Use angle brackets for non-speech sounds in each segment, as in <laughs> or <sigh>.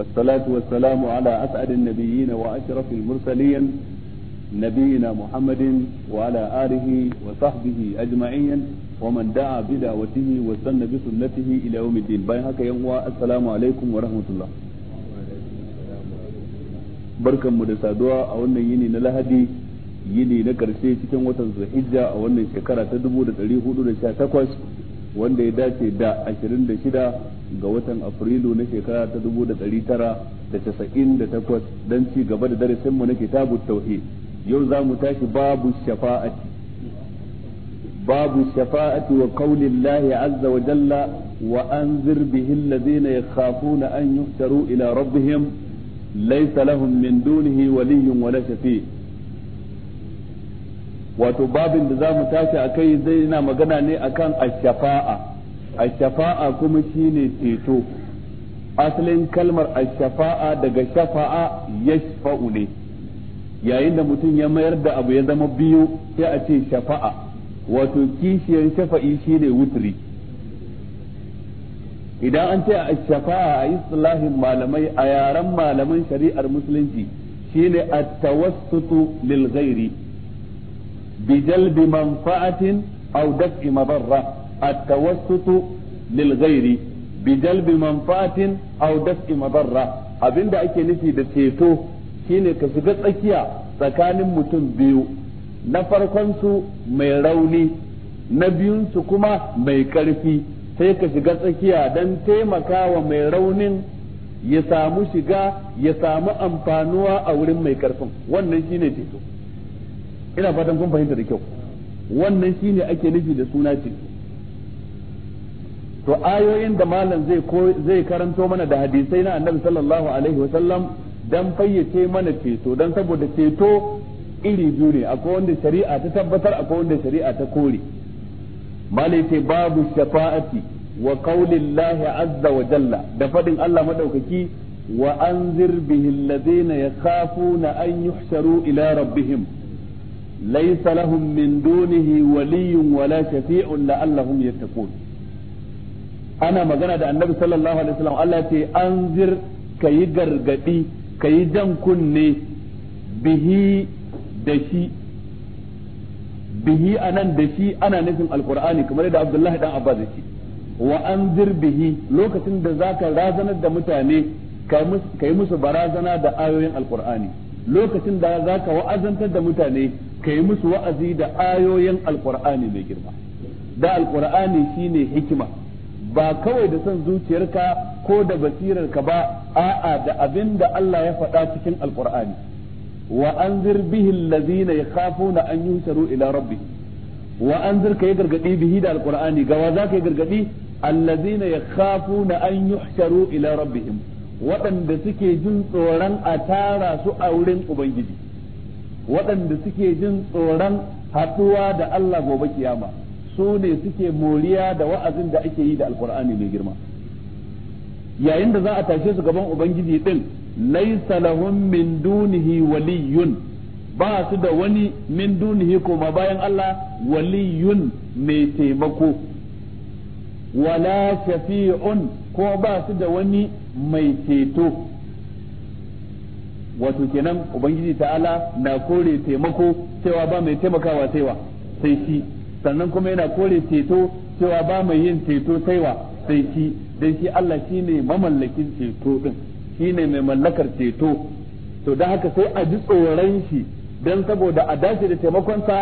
والصلاة والسلام على أسعد النبيين وأشرف المرسلين نبينا محمد وعلى آله وصحبه أجمعين ومن دعا بدعوته واستنى بسنته إلى يوم الدين باي هكا يوم السلام عليكم ورحمة الله barkan mu da saduwa a wannan yini na lahadi yini na karshe cikin watan zulhijja a wannan shekara ta 1418 wanda ya dace da 26 ga watan afrilu na shekara ta 1998 don ci gaba da darasinmu na kitabu tauhi yau za mu tashi babu shafa'ati babu shafa'ati wa qaulin lahi azza wa jalla wa anzir bihi allazina yakhafuna an yuhtaru ila rabbihim laysa lahum min dunihi waliyyun wala shafi' wato babin da za mu tashi a kai zai na magana ne akan ashafa'a ashafa'a kuma shine ceto asalin kalmar ashafa'a daga shafa'a yashfa'u ne yayin da mutum ya mayar da abu ya zama biyu sai a ce shafa'a wato kishiyar shafa'i shine wutri idan an ce shafa'a a islahin malamai a yaren malaman shari'ar musulunci shine at-tawassutu lil ghairi بجلب منفعة أو دفع مضرة التوسط للغير بجلب منفعة أو دفع مضرة abin da ake nufi da ceto shine ka shiga tsakiya tsakanin mutum biyu na farkonsu mai rauni na biyunsu kuma mai karfi sai ka shiga tsakiya don taimakawa mai raunin ya samu shiga ya samu amfanuwa a wurin mai ƙarfin wannan shine ceto ina fatan kun fahimta da kyau wannan shine ake nufi da suna ce to ayoyin da malam zai zai karanto mana da hadisai na annabi sallallahu alaihi wasallam dan fayyace mana ceto dan saboda ceto iri biyu ne akwai wanda shari'a ta tabbatar akwai wanda shari'a ta kore malai ce babu shafa'ati wa qaulillahi azza wa jalla da fadin Allah madaukaki wa anzir bihi alladhina yakhafuna an yuhsharu ila rabbihim ليس لهم من دونه ولي ولا شفيع لعلهم يتقون أنا مجانا ده النبي صلى الله عليه وسلم قال لك أنذر كي غرغدي كي جنكني به دشي به أنا دشي أنا نفهم القرآن كما لدى عبد الله بن عباس wa an bihi lokacin da za ka razanar da mutane ka yi musu barazana da ayoyin alkur'ani lokacin da za ka wa'azantar da mutane ka yi musu wa'azi da ayoyin alkur'ani mai girma da alkur'ani shine hikima ba kawai da son zuciyarka ko da basirarka ba a'a da abin da Allah ya faɗa cikin alkur'ani wa anzir bihi allazina yakhafuna an yusharu ila rabbihim wa anzir kai gargadi bihi da alkur'ani ga wa ka yi gargadi allazina yakhafuna an yuhsharu ila rabbihim waɗanda suke jin tsoron a tara su a wurin ubangiji waɗanda suke jin tsoron haɗuwa da Allah gobe kiyama su ne suke moriya da wa'azin da ake yi da alkur'ani mai girma yayin da za a tashe su gaban ubangiji din laisa lahum min dunihi waliyun ba su da wani min dunihi koma bayan Allah waliyun mai taimako wala shafi'un ko ba su da wani mai ceto wato kenan ubangiji ta'ala na kore taimako cewa ba mai taimakawa saiwa sai shi sannan kuma yana kore ceto cewa ba mai yin ceto saiwa sai shi dan shi Allah shine mamallakin ceto din shine mai mallakar ceto to dan haka sai a ji tsoron shi dan saboda a dace da taimakonsa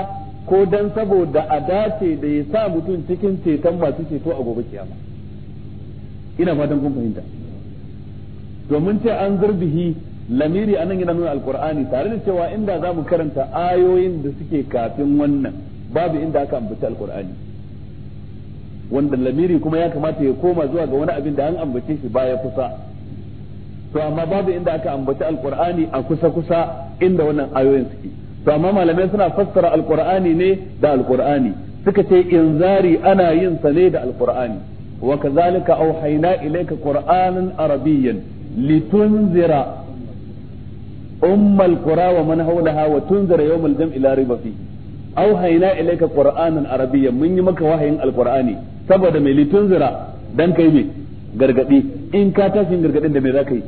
ko dan saboda a dace da ya sa mutum cikin ceton masu ceto a gobe kiyama ina fatan kun fahimta domin ce an zurbihi lamiri a nan yana nuna alkur'ani tare da cewa inda za mu karanta ayoyin da suke kafin wannan babu inda aka ambaci alqur'ani wanda lamiri kuma ya kamata ya koma zuwa ga wani abin da an ambace shi baya kusa to amma babu inda aka ambaci alqur'ani a kusa kusa inda wannan ayoyin suke to amma malamai suna fassara alkur'ani ne da alkur'ani suka ce inzari ana yin sa ne da alkur'ani wa kazalika auhayna ilayka qur'anan arabiyyan litunzira ummul qura wa man hawlaha wa tunzira yawmal jam'i la riba fi auhayna ilayka qur'anan arabiyyan mun yi maka wahayin alqur'ani saboda mai litunzira dan kai me gargadi in ka tashi gargadin da me zaka yi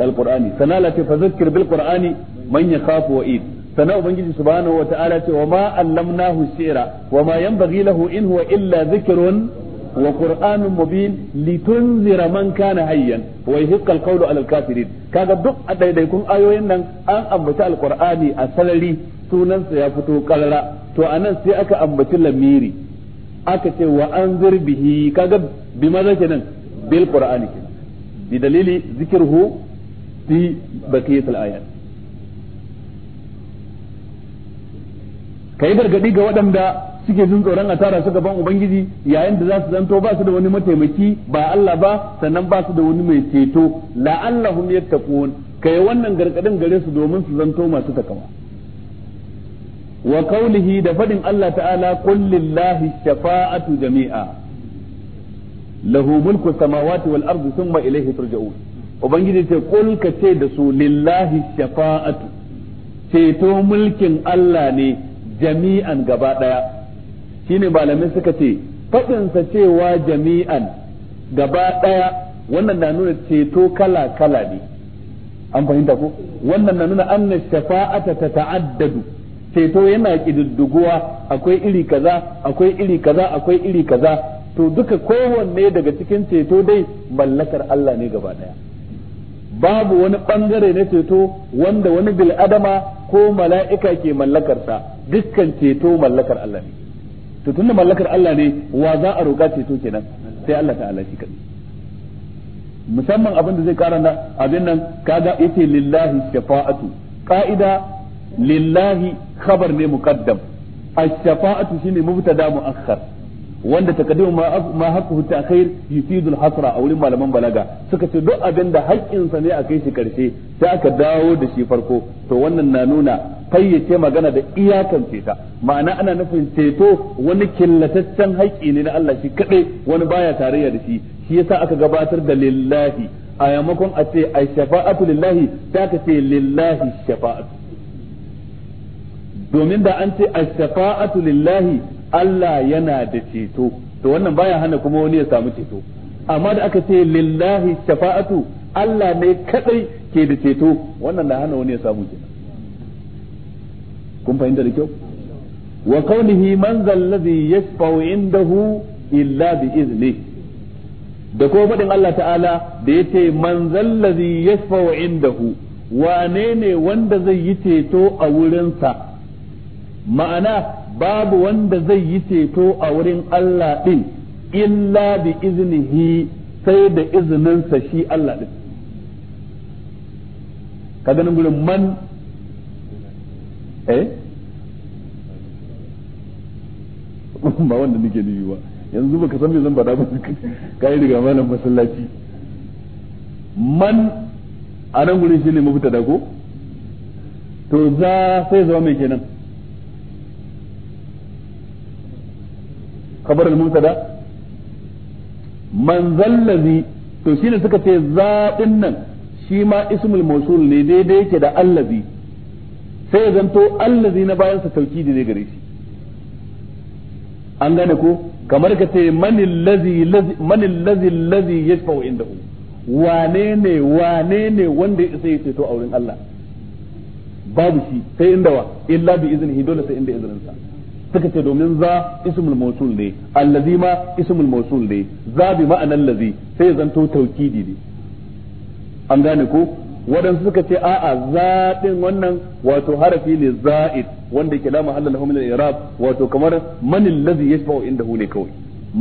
da alqur'ani sana la fa zakkir bil qur'ani man yakhafu wa'id sana ubangiji subhanahu wa ta'ala ce wa ma allam allamnahu shi'ra wa ma yanbaghi lahu in huwa illa dhikrun wa qur'anun mubin litunzira man kana hayyan wai yahiqqa alqawlu ala alkafirin kaga duk a daidaikun ayoyin nan an ambaci alqur'ani a salari sunansa ya fito karara to a nan sai aka ambaci lamiri aka ce wa anzir bihi kaga bi maza kenan bil qur'ani kenan bi dalili zikruhu fi baqiyatil ayat kai gargadi ga waɗanda suke jin tsoron a tara su gaban ubangiji yayin da za su zanto ba su da wani mataimaki ba Allah ba sannan ba su da wani mai ceto la'allahum yattaqun kai wannan gargadin gare su domin su zanto masu takawa wa qawlihi da fadin Allah ta'ala qul lillahi shafa'atu jami'a lahu mulku samawati wal ardi thumma ilayhi turja'un ubangiji ce qul ka ce da su lillahi shafa'atu ceto mulkin Allah ne jami'an gaba daya shine malamin suka ce faɗinsa cewa jami'an gaba ɗaya wannan na nuna ceto kala kala ne an fahimta ko wannan na nuna anna shafa'ata ta ta'addadu ceto yana kididduguwa akwai iri kaza akwai iri kaza akwai iri kaza to duka kowanne daga cikin ceto dai mallakar Allah ne gaba ɗaya babu wani ɓangare na ceto wanda wani bil'adama ko mala'ika ke mallakarsa dukkan ceto mallakar Allah ne to tunda mallakar Allah ne wa za a roƙa ceto kenan sai Allah ta'ala shi kadai musamman abin da zai kara na abin nan kaga yace lillahi shafa'atu qa'ida lillahi khabar ne muqaddam ash-shafa'atu shine mubtada mu'akhkhar wanda takaddimu ma haqqu ta'khir yufidu hasra a wurin malaman balaga suka ce duk abin da sa ne a kai shi karshe sai aka dawo da shi farko to wannan na nuna fayyace magana da iyakan ta ma'ana ana nufin ceto wani killataccen haƙƙi ne na Allah shi kadai wani baya tarayya da shi shi yasa aka gabatar da lillahi a yamakon a ce ai shafa'atu lillahi sai aka ce lillahi shafa'atu domin da an ce ai shafa'atu lillahi Allah yana da ceto to wannan baya hana kuma wani ya samu ceto amma da aka ce lillahi shafa'atu Allah ne kadai ke da ceto wannan na hana wani ya samu kenan kun fahimta da kyau wa kaunihi man ladhi yashfa'u indahu illa bi izni da kuma faɗin Allah ta'ala da yace man ladhi yashfa'u indahu wane ne wanda zai yi ceto a wurinsa ma'ana babu wanda zai yi ceto a wurin Allah din illa bi iznihi sai da izininsa shi Allah din ka ganin gurin man eh <laughs> ba wanda nake nufi ba yanzu baka san me zan faɗa ba <laughs> ka yi riga malam masallaci man a nan gurin shine da ko to za sai zama mai kenan khabar al da man zallazi to shine suka ce zaɗin nan shi ma ismul mausul ne daidai yake da allazi sai ya zanto allazi na bayan sa taukidi ne gare shi an gane ko kamar ka ce manil lazi lazi yashfa'u indahu wane ne wane ne wanda ya isa ya ceto a wurin Allah babu shi sai illa bi dole sai inda izininsa suka ce domin za ismul mausul ne allazi ma ismul mausul ne za bi ma'anan lazi sai zanto taukidi ne an gane ko waɗansu suka ce a'a zaɗin wannan wato harafi ne za'id wanda ke la mahalla lahu al-i'rab wato kamar man allazi yashba'u inda ne kawai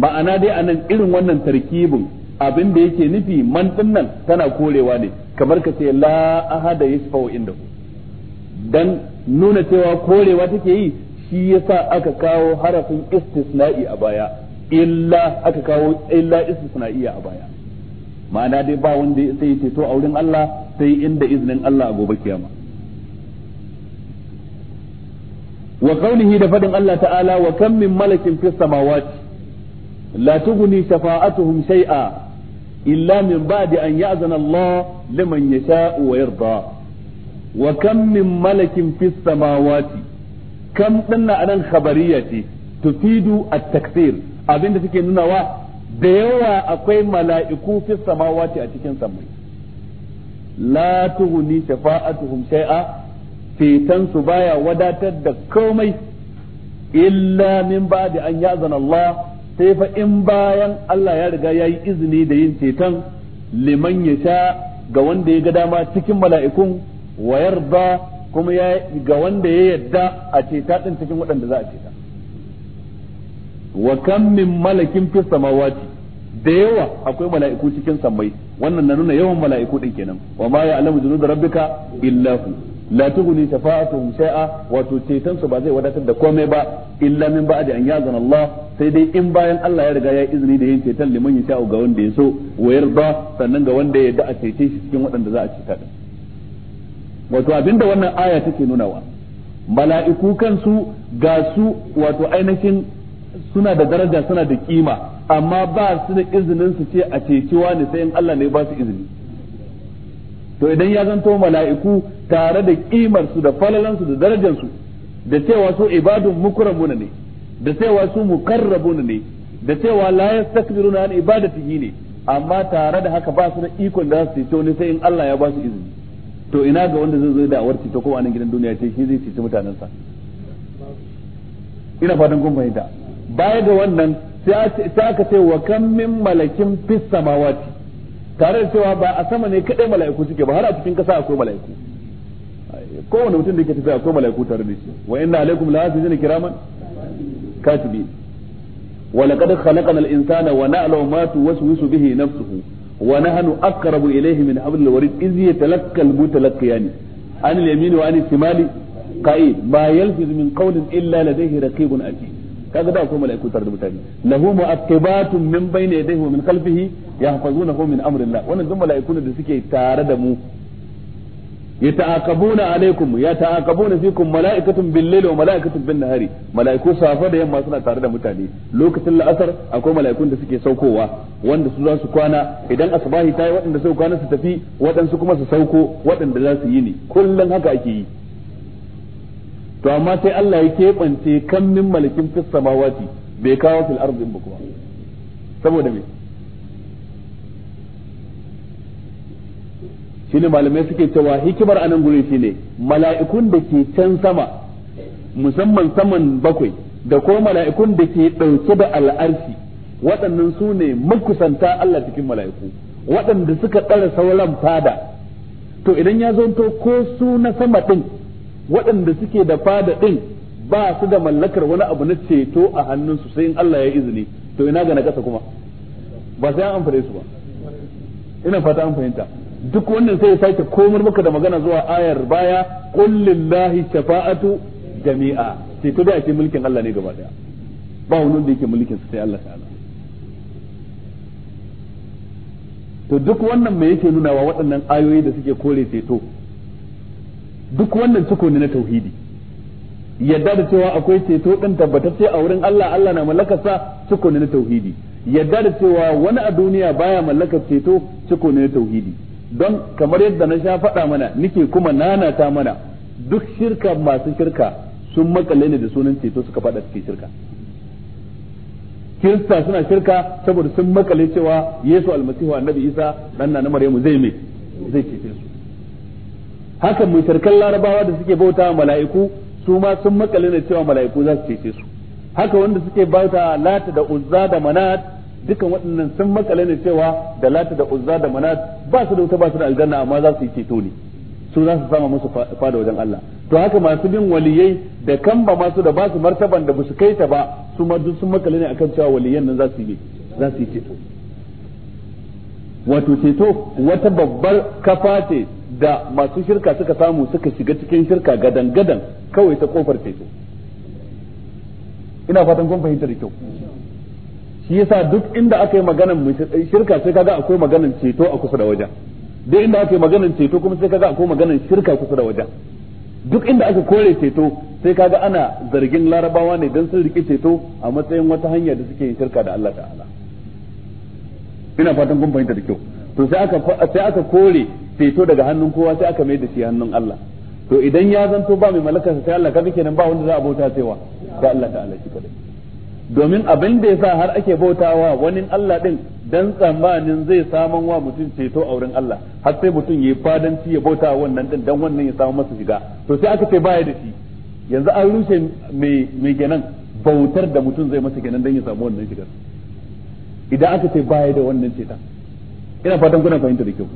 ma'ana dai anan irin wannan tarkibin abin da yake nufi man nan tana korewa ne kamar ka ce la ahada yashba'u indahu dan nuna cewa korewa take yi shi yasa aka kawo harafin istisna'i a baya illa aka kawo illa istisna'iya a baya ma'ana dai ba wanda sai ya ceto a wurin Allah sai inda iznin Allah a gobe kiyama wa qawlihi da fadin Allah ta'ala wa kam min malakin fis samawati la tughni shafa'atuhum shay'a illa min ba'di an ya'zana Allah liman yasha'u wa yarda wa kam min malakin fis samawati kam dinna anan khabariya ce tufidu at-takthir abinda take wa da yawa akwai mala'iku fi samawati a cikin samai la tughni shafa'atuhum shay'a fitan su baya wadatar da komai illa min ba'di an ya'zana Allah sai fa in bayan Allah ya riga yayi izini da yin ceton liman yasha ga wanda ya ga dama cikin mala'ikun wa yarda kuma ya ga wanda ya yadda a ceta ɗin cikin waɗanda za a ceta wa kam min malakin fi samawati da yawa akwai mala'iku cikin sammai wannan na nuna yawan mala'iku ɗin kenan wa ma ya'lamu junuda rabbika illa hu la tughni shafa'atuhum shay'a wato ceton su ba zai wadatar da komai ba illa min ba'di an yazana Allah sai dai in bayan Allah ya riga ya izini da yin ceton liman ya sha'u ga wanda ya so wa yarda sannan ga wanda ya yarda a cece shi cikin waɗanda za a ceta din wato abinda wannan aya take nunawa mala'iku kansu ga su wato ainihin suna da daraja suna da kima amma ba su da izinin su ce a cewa ne sai in Allah ne ba su izini to idan ya zanto mala'iku tare da kimar su da falalan su da darajar su da cewa su ibadun mukramuna ne da cewa su mukarrabu ne da cewa la yastakbiruna an ibadatihi ne amma tare da haka ba su da ikon da za su ceto ne sai in Allah ya ba su izini to ina ga wanda zai zo da awar ceto ko a nan gidan duniya ce shi zai ceci mutanensa ina fatan kun fahimta baya ga wannan sai aka ce wa kan min malakin fis samawati tare da cewa ba a sama ne kadai mala'iku suke ba har a cikin kasa akwai mala'iku kowane mutum da ke tafiya akwai mala'iku tare da shi wa inna alaikum la hafizina kiraman katibi wa laqad khalaqna al-insana wa na'lamu ma tuwaswisu bihi nafsuhu wa nahnu aqrabu ilaihi min hablil warid iz yatalakka al mutalaqiyani an al yamin wa an al shimali qa'id ma yalfiz min illa kaga da ko malaiku tare da mutane lahu mu'aqibatun min bayni yadayhi wa min khalfihi yahfazunahu min amrillah wannan duk malaiku da suke tare da mu yata'aqabuna alaikum yata'aqabuna fikum mala'ikatun bil layli wa mala'ikatun bin nahari mala'iku safa da yamma suna tare da mutane lokacin la'asar akwai aikun da suke saukowa wanda su za su kwana idan asbahi tayi waɗanda su kwana su tafi waɗansu kuma su sauko waɗanda za su yi ne kullum haka ake yi to amma sai Allah ya keɓance kan min malakin fis samawati bai kawo fil ardin ba saboda me shine malamai suke cewa hikimar anan guri shine mala'ikun da ke can sama musamman saman bakwai da ko mala'ikun da ke ɗauke da al'arshi waɗannan su ne makusanta Allah cikin mala'iku waɗanda suka ɗara sauran fada to idan ya zonto ko su na sama ɗin waɗanda suke da fada ɗin ba su da mallakar wani abu na ceto a hannunsu sai in Allah ya izini to ina ga na ƙasa kuma ba sai an amfane su ba ina fata an fahimta duk wannan sai ya sake komar maka da magana zuwa ayar baya qul lillahi shafa'atu jami'a sai to da ake mulkin Allah ne gaba daya ba wani wanda yake mulkin sai Allah ta'ala to duk wannan me yake nuna wa waɗannan ayoyi da suke kore to duk wannan ciko ne na tauhidi yadda da cewa akwai ceto din tabbatacce a wurin Allah Allah na mallakarsa ciko ne na tauhidi yadda da cewa wani a duniya baya mallakar ceto ciko ne na tauhidi don kamar yadda na sha faɗa mana nike kuma nanata mana duk shirka masu shirka sun makale ne da sunan ceto suka faɗa cikin shirka kirista suna shirka saboda sun makale cewa yesu almasihu annabi isa dan na maryamu zai mai zai cece su mai shirkan larabawa da suke bauta mala'iku su ma sun makale ne cewa mala'iku za su cece su haka wanda suke bauta lata da uzza da manat dukan waɗannan sun makale ne cewa da lati da uzza da manat ba su da wuta ba su da aljanna amma za su yi ceto ne su za su sama musu fada wajen Allah to haka masu bin waliyai da kan ba masu da ba su martaban da ba su kai ta ba su ma duk sun makale ne akan cewa waliyan nan za su yi za su yi ceto wato ceto wata babbar kafa ce da masu shirka suka samu suka shiga cikin shirka gadan gadan kawai ta kofar ceto ina fatan kun fahimta da kyau shi yasa duk inda aka yi maganan shirka sai kaga akwai maganan ceto a kusa da wajen duk inda aka yi maganan ceto kuma sai kaga akwai maganan shirka kusa da wajen duk inda aka kore ceto sai kaga ana zargin larabawa ne don sun riƙe ceto a matsayin wata hanya da suke yin shirka da Allah ta'ala ina fatan kun fahimta da kyau to sai aka sai aka kore ceto daga hannun kowa sai aka mai da shi hannun Allah to idan ya zanto ba mai malaka sai Allah kaga kenan ba wanda za a bauta cewa ga Allah ta'ala shi kadai domin abin da yasa har ake bautawa wani Allah din dan tsammanin zai saman wa mutum ceto a wurin Allah har sai mutum yayi fadanci ya bauta wannan din dan wannan ya samu masa shiga to sai aka ce baya da shi yanzu an rushe mai mai genan bautar da mutum zai masa genan dan ya samu wannan shigar idan aka ce baya da wannan ceton ina fatan kuna fahimta da kyau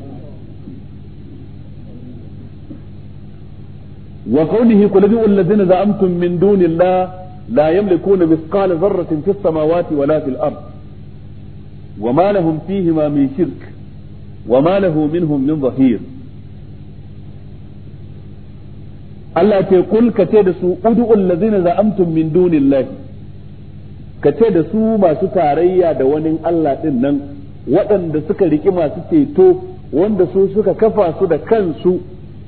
wa qawlihi qul ladzi za'amtum min dunillahi لا يملكون مثقال ذرة في السماوات ولا في الأرض وما لهم فيهما من شرك وما له منهم من ظهير Allah ce kul ka ce da su ud'u allazina za'amtum min dunillahi ka ce da su masu tarayya da wani Allah din nan waɗanda suka riki masu ceto wanda su suka kafa su da kansu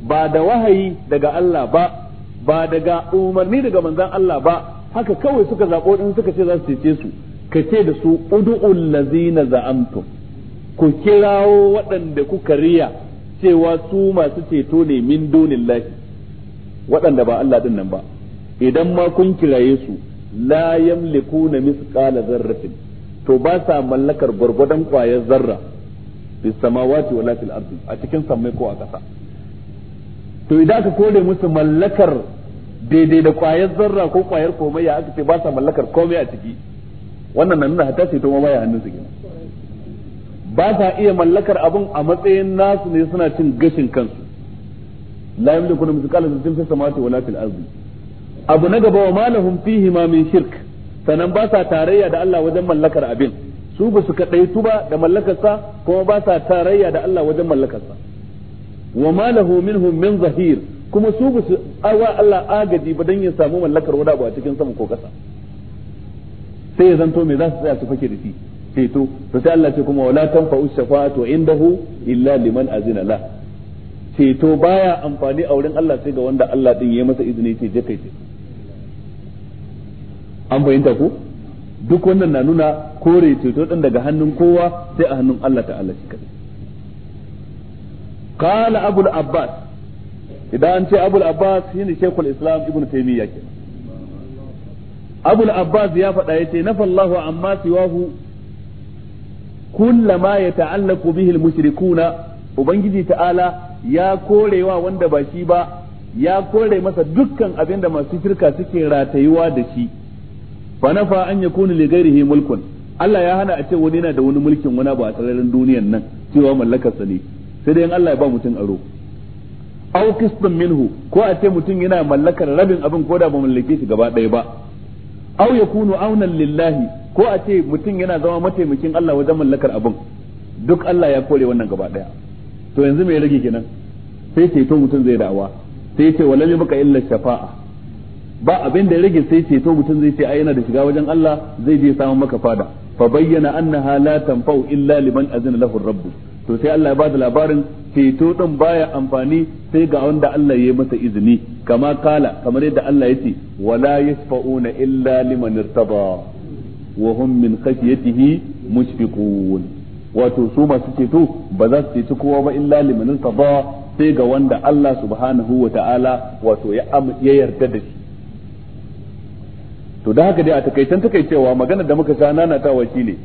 ba da wahayi daga Allah ba ba daga umarni daga manzon Allah ba haka kawai suka zaɓo ɗin suka ce za su cece su ka ce da su udu'ul lazina za'amtum ku kirawo waɗanda kuka riya cewa su masu ceto ne min dunillahi waɗanda ba Allah din nan ba idan ma kun kiraye su la yamlikuna misqala zarratin to ba sa mallakar gwargwadon kwayar zarra bis samawati wala fil ardi a cikin sammai ko a ƙasa to idan ka kore musu mallakar daidai da kwayar zarra ko kwayar komai ya aka ce ba sa mallakar komai a ciki wannan na nuna hatta to ma baya hannun su ba sa iya mallakar abun a matsayin nasu ne suna cin gashin kansu la yamliku na mithqala dharratin fis samawati wala fil ardi abu na gaba wa malahum fihi ma min shirk sanan ba sa tarayya da Allah wajen mallakar abin su ba su tu ba da sa kuma ba sa tarayya da Allah wajen sa wa malahu minhum min zahir kuma su ba su awa Allah agaji ba dan ya samu mallakar wada ba cikin sama ko kasa sai ya zanto me za su tsaya su fake da shi ceto eh to sai Allah ce kuma wala tanfa ushafatu indahu illa liman azina la ceto baya amfani a wurin Allah sai ga wanda Allah din yayi masa izini sai je kai ce an fahimta ko duk wannan na nuna kore ceto din daga hannun kowa sai a hannun Allah ta'ala shi kadai qala abul abbas idan an ce abul abbas shine shekul islam ibnu taymiya ke abul abbas ya faɗa yace nafallahu amma siwahu ya ta'allaku bihi al-mushrikuna ubangiji ta'ala ya korewa wanda ba shi ba ya kore masa dukkan abin da masu shirka suke ratayuwa da shi fa nafa an yakuna li ghairihi mulkun Allah ya hana a ce wani yana da wani mulkin wani ba a sararin duniyan nan cewa mallakar sa ne sai dai in Allah ya ba mutum aro aw qistan minhu ko a ce mutum yana mallakar rabin abin ko da ba mallake shi gaba ɗaya ba aw yakunu aunan lillahi ko a ce mutum yana zama mataimakin Allah wajen mallakar abin duk Allah ya kore wannan gaba ɗaya to yanzu me rage kenan sai ceto mutum zai da'awa sai ce walam baka illa shafa'a ba abin da rage sai ceto mutum zai ce ai yana da shiga wajen Allah zai je samun maka fada fa bayyana annaha la tanfa'u illa liman azina lahu rabbu to sai Allah ya bada labarin ceto ɗin baya amfani sai ga wanda Allah ya yi masa izini kama kala kamar yadda Allah ya ce wala yasfa'una illa liman irtaba wa hum min khashyatihi mushfiqun wato su masu ceto ba za su ceci kowa ba illa liman irtaba sai ga wanda Allah subhanahu wa ta'ala wato ya yarda da shi to da haka dai a takaitan takaicewa magana da muka sha nanatawa shine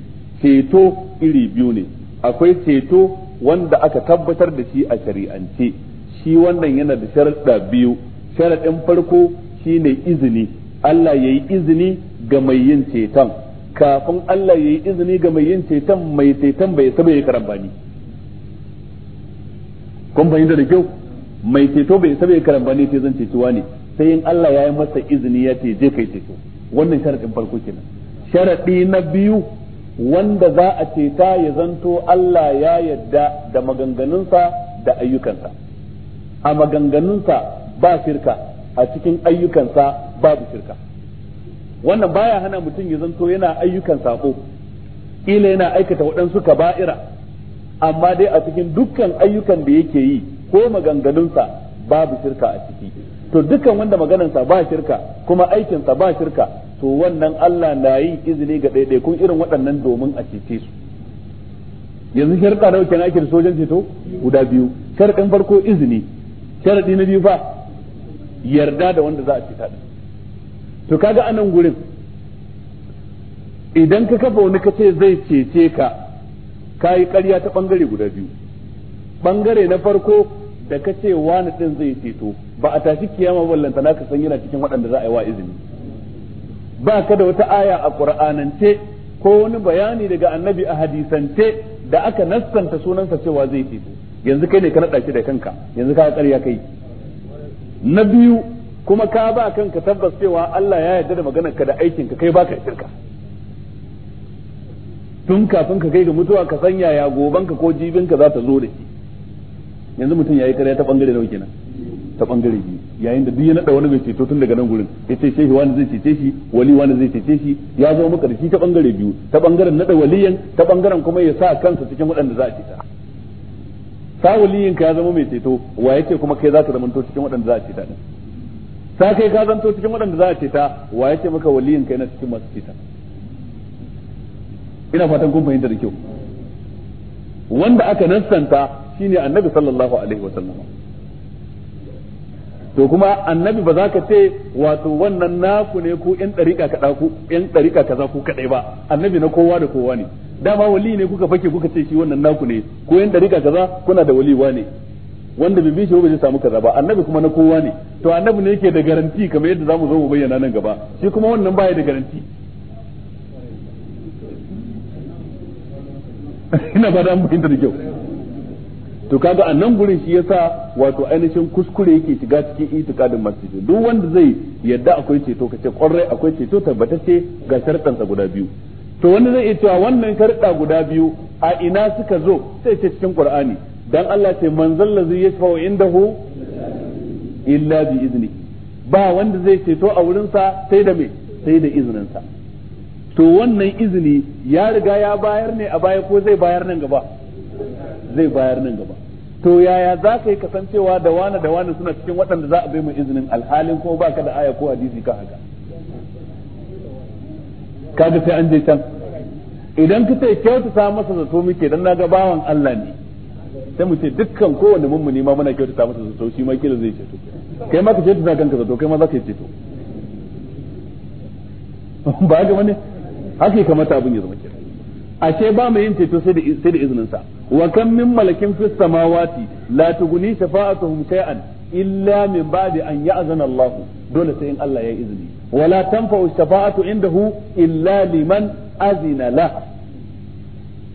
ceto iri biyu ne akwai ceto wanda aka tabbatar da shi a shari'ance shi wannan yana da sharaɗa biyu sharaɗin farko shine izini Allah ya yi izini ga mai yin ceton kafin Allah ya yi izini ga mai yin ceton mai ceton bai saba ya karambani kun fahimta da kyau mai ceto bai saba ya karambani ce zan cetuwa ne sai in Allah ya yi masa izini ya ce je kai ceto wannan sharaɗin farko kenan sharaɗi na biyu wanda za a ta ya zanto Allah ya yadda da maganganunsa da ayyukansa a maganganunsa ba shirka a cikin ayyukansa babu shirka wannan baya hana mutum ya zanto yana ayyukan sako ila yana aikata waɗansu kaba'ira amma dai a cikin dukkan ayyukan da yake yi ko maganganunsa babu shirka a ciki to dukkan wanda maganansa ba shirka kuma aikinsa ba shirka to wannan Allah na yi izini ga kun irin waɗannan domin a cece su yanzu sharɗa nawa kenan ake da sojan ceto guda biyu sharɗin farko izini sharɗi na biyu fa yarda da wanda za a ceta ɗin to kaga anan gurin idan ka kafa wani ka ce zai cece ka ka yi ƙarya ta ɓangare guda biyu ɓangare na farko da ka ce wani ɗin zai ceto ba a tashi kiyama ballanta na ka san yana cikin waɗanda za a yi wa izini ba ka da wata aya a qur'anance ko wani bayani daga annabi a hadisance da aka nassanta sunansa cewa zai fito yanzu kai ne ka naɗa shi da kanka yanzu ka ƙarya kai na biyu kuma ka ba kanka tabbas cewa Allah ya yarda da maganarka da aikinka kai ba ka shirka tun kafin ka kai ga mutuwa ka sanya ya gobanka ko jibinka za ta zo da shi yanzu mutum yayi kare ta bangare nawa kenan ta bangare biyu yayin da duk ya nada wani mai ceto tun daga nan gurin ce shehi wani zai cece shi wali wani zai cece shi ya zama maka da shi ta bangare biyu ta bangaren nada waliyan ta bangaren kuma ya sa kansa cikin waɗanda za a ceta sa waliyin ka ya zama mai ceto wa yace kuma kai zaka zamanto cikin waɗanda za a ceta ne sa kai ka zanto cikin waɗanda za a ceta wa yace maka waliyin ka yana cikin masu ceta ina fatan kun fahimta da kyau wanda aka santa shine annabi sallallahu alaihi wasallam to kuma annabi ba za ka ce wato wannan naku ne ko yan dariƙa ka ɗaku yan ka za ku kaɗai ba annabi na kowa da kowa ne dama wali ne kuka fake kuka ce shi wannan naku ne ko yan ɗariƙa kaza kuna da wali ne wanda bai bi shi ba zai samu kaza ba annabi kuma na kowa ne to annabi ne yake da garanti kamar yadda zamu zo mu bayyana nan gaba shi kuma wannan baya da garanti <laughs> ina ba da an bayyana da kyau to kaga a nan gurin shi yasa wato ainihin kuskure yake shiga cikin itikadin masjidi duk wanda zai yadda akwai ceto kace kwarre akwai ceto tabbatacce ga sharɗansa guda biyu to wanda zai iya cewa wannan sharɗa guda biyu a ina suka zo sai ce cikin qur'ani dan Allah ce manzal ladzi yashfa'u indahu illa bi izni ba wanda zai ceto a wurinsa sai da me sai da sa to wannan izini ya riga ya bayar ne a baya ko zai bayar nan gaba zai bayar nan gaba to yaya za ka yi kasancewa da wane da wane suna cikin waɗanda za a bai mu izinin alhalin ko baka da aya ko hadisi ka haka kaga sai an je can idan ka ce kyautata masa zato muke dan naga bawan Allah ne sai mu ce dukkan kowanne mummuni ma muna kyautata masa zato shi ma kila zai ceto kai ma ka za kanka zato kai ma za ka yi ceto ba ga wani haka ya kamata abin ya zama kira ashe ba mu yin ceto sai da izinin sa wa kam min malakin fis samawati la tughni shafa'atuhum shay'an illa min ba'di an ya'zana Allah dole sai in Allah ya izini wala tanfa'u shafa'atu hu illa liman azina la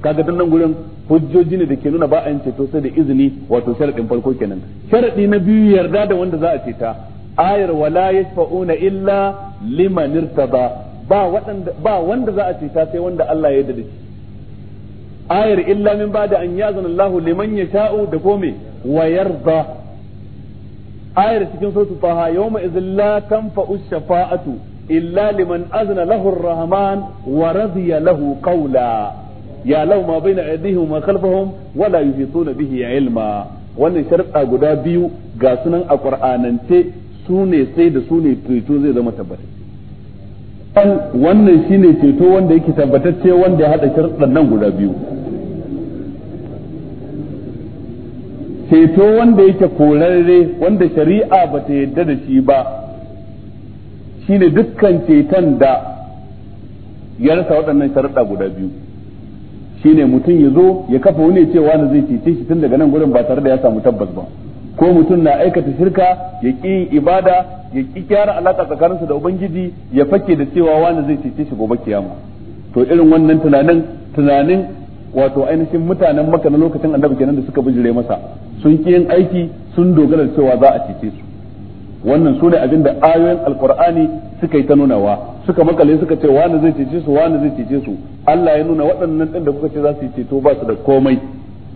kaga dan nan gurin hujjoji ne da ke nuna ba a yin ceto sai da izini wato sharadin farko kenan sharadi na biyu yarda da wanda za a ceta ayar wala yashfa'una illa liman ba ba wanda za a ceta sai wanda Allah ya yarda da ayar illa min bada an yazana Allah liman ya yasha'u da kome wa yarda ayar cikin suratul faha yawma idhil la tanfa'u shafa'atu illa liman azna lahu ar-rahman wa radiya lahu qawla ya law ma baina aydihim wa khalfahum wa la yuhituna bihi ilma wannan sharta guda biyu ga sunan a qur'anance su ne sai da su ne ceto zai zama tabbatacce wannan shine ceto wanda yake tabbatacce wanda ya haɗa sharɗan nan guda biyu ceto wanda yake korarre wanda shari'a ba ta yadda da shi ba shine dukkan ceton da ya rasa waɗannan sharaɗa guda biyu shine mutum ya zo ya kafa wani cewa na zai cece shi tun daga nan gurin ba tare da ya samu tabbas ba ko mutum na aikata shirka ya ƙi ibada ya ƙi gyara alaƙa tsakaninsa da ubangiji ya fake da cewa wani zai cece shi gobe kiyama to irin wannan tunanin tunanin wato ainihin mutanen maka na lokacin annabi kenan da suka bijire masa sun ki yin aiki sun dogara da cewa za a cece su wannan sune abin da ayoyin alkur'ani suka yi ta nunawa suka makale suka ce wani zai cece su wani zai cece su Allah ya nuna waɗannan din da kuka ce za su ceto ba su da komai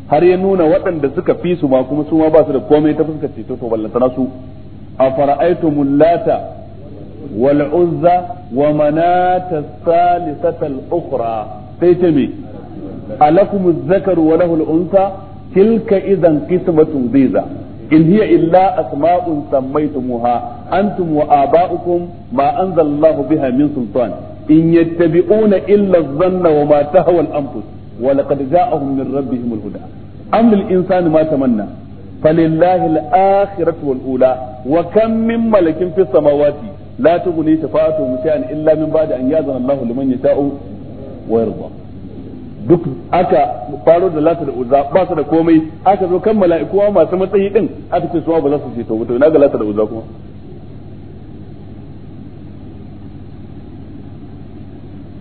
har ya nuna waɗanda suka fi su ma kuma su ma ba su da komai ta fuskar ceto to na su a fara'aitumul lata wal uzza wa manata salisatal ukhra sai ta me alakum az-zakar wa lahu al-unsa tilka idan qismatun dhiza in hiya illa asma'un sammaytumuha antum wa aba'ukum ma anzalallahu biha min sultan in yattabi'una illa adh-dhanna wa ma tahwa al-anfus wa laqad ja'ahum min rabbihim al-huda am lil-insani ma tamanna فلله الآخرة والأولى وكم من ملك في السماوات لا تغني شفاعتهم شيئا إلا من بعد أن يأذن الله لمن يشاء ويرضى duk aka faro da lata da uza ba su da komai aka zo kan mala'ikuwa masu matsayi din aka ce suwa ba za su ce to to ina ga lata da uza kuma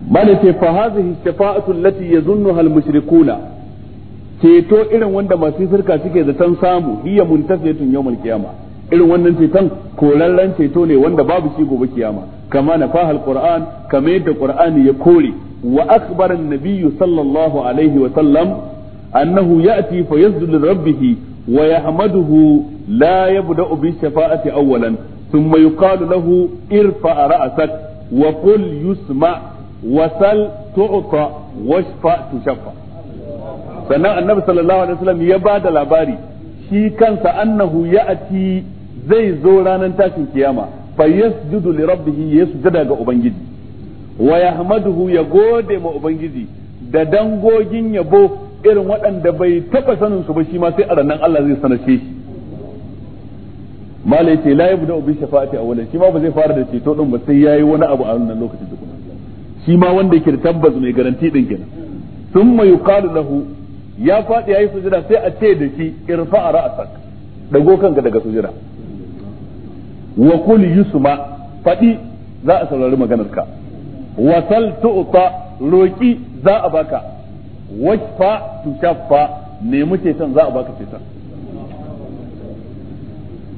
mana ce fa hadhihi shafa'atu allati yazunnuha al-mushrikuna ceto irin wanda masu firka suke da tan samu hiya muntafiyatun yawmal qiyama irin wannan ceton korarren ceto ne wanda babu shi gobe kiyama kama na fahal qur'an kamar yadda qur'ani ya kore وأخبر النبي صلى الله عليه وسلم أنه يأتي فيسجد لربه ويحمده لا يبدأ بالشفاعة أولا ثم يقال له ارفع رأسك وقل يسمع وسل تعطى واشفع تشفع sannan annabi sallallahu alaihi wasallam ya ba da labari shi kansa annahu ya'ti zai zo ranar tashin kiyama fa yasjudu li ga ubangiji wa yahmaduhu ya gode ma ubangiji da dangogin yabo irin waɗanda bai taɓa sanin su ba shi ma sai a ranar Allah zai sanace shi malai ce la yabda bi shafa'ati awwalan shi ma ba zai fara da ceto din ba sai yayi wani abu a wannan lokacin da kuma shi ma wanda yake da tabbas mai garanti din kenan thumma yuqalu lahu ya faɗi yayi sujada sai a ce da shi irfa'a ra'sak dago kanka daga sujada wa qul yusma faɗi za a saurari maganarka wasal tu'ta roki za a baka washfa tushaffa nemi ceton za a baka ceton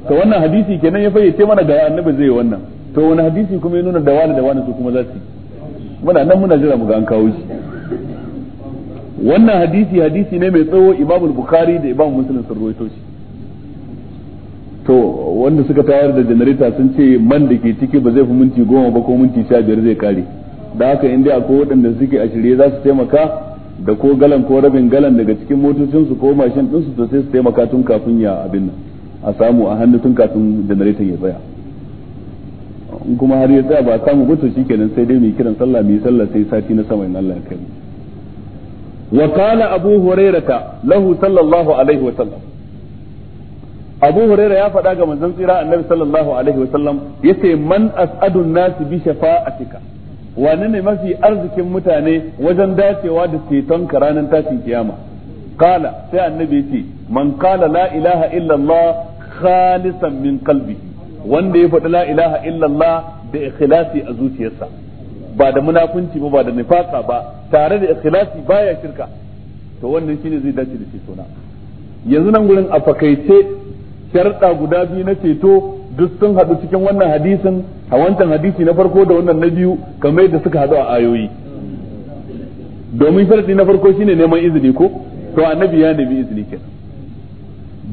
to wannan hadisi kenan ya fayyace mana ga annabi zai wannan to wani hadisi kuma ya nuna da wani da wani su kuma za su muna nan muna jira mu ga an kawo shi wannan hadisi hadisi ne mai tsawo imamul bukhari da imam muslim sun rawaito shi to wanda suka tayar da janareta sun ce man da ke ciki ba zai fi minti goma ba ko minti sha biyar zai kare da haka in dai akwai waɗanda suke a shirye za su taimaka da ko galan ko rabin galan daga cikin motocinsu ko mashin ɗinsu to sai su taimaka tun kafin ya abin nan a samu a hannu tun kafin janareton ya tsaya in kuma har ya tsaya ba a samu gutu shikenan sai dai mai kiran sallah mai sallah sai sati na sama in Allah ya kai wa qala abu hurairata lahu sallallahu alaihi wa sallam abu huraira ya faɗa ga manzon tsira annabi sallallahu alaihi wa sallam yace man as'adun nas bi shafa'atika wani ne mafi arzikin mutane wajen dacewa da ceton ka ranar tashin kiyama kala sai annabi ce man kala la ilaha illallah khalisan min qalbi wanda ya faɗi la ilaha illallah da ikhlasi a zuciyarsa ba da munafunci ba ba da nifaka ba tare da ikhlasi baya shirka to wannan shine zai dace da cetona yanzu nan gurin a fakaice sharɗa guda biyu na ceto duk sun haɗu cikin wannan hadisin a wancan hadisi na farko da wannan na biyu kamar yadda suka haɗu a ayoyi domin sharadi na farko shine neman izini ko to annabi ya nemi izini ke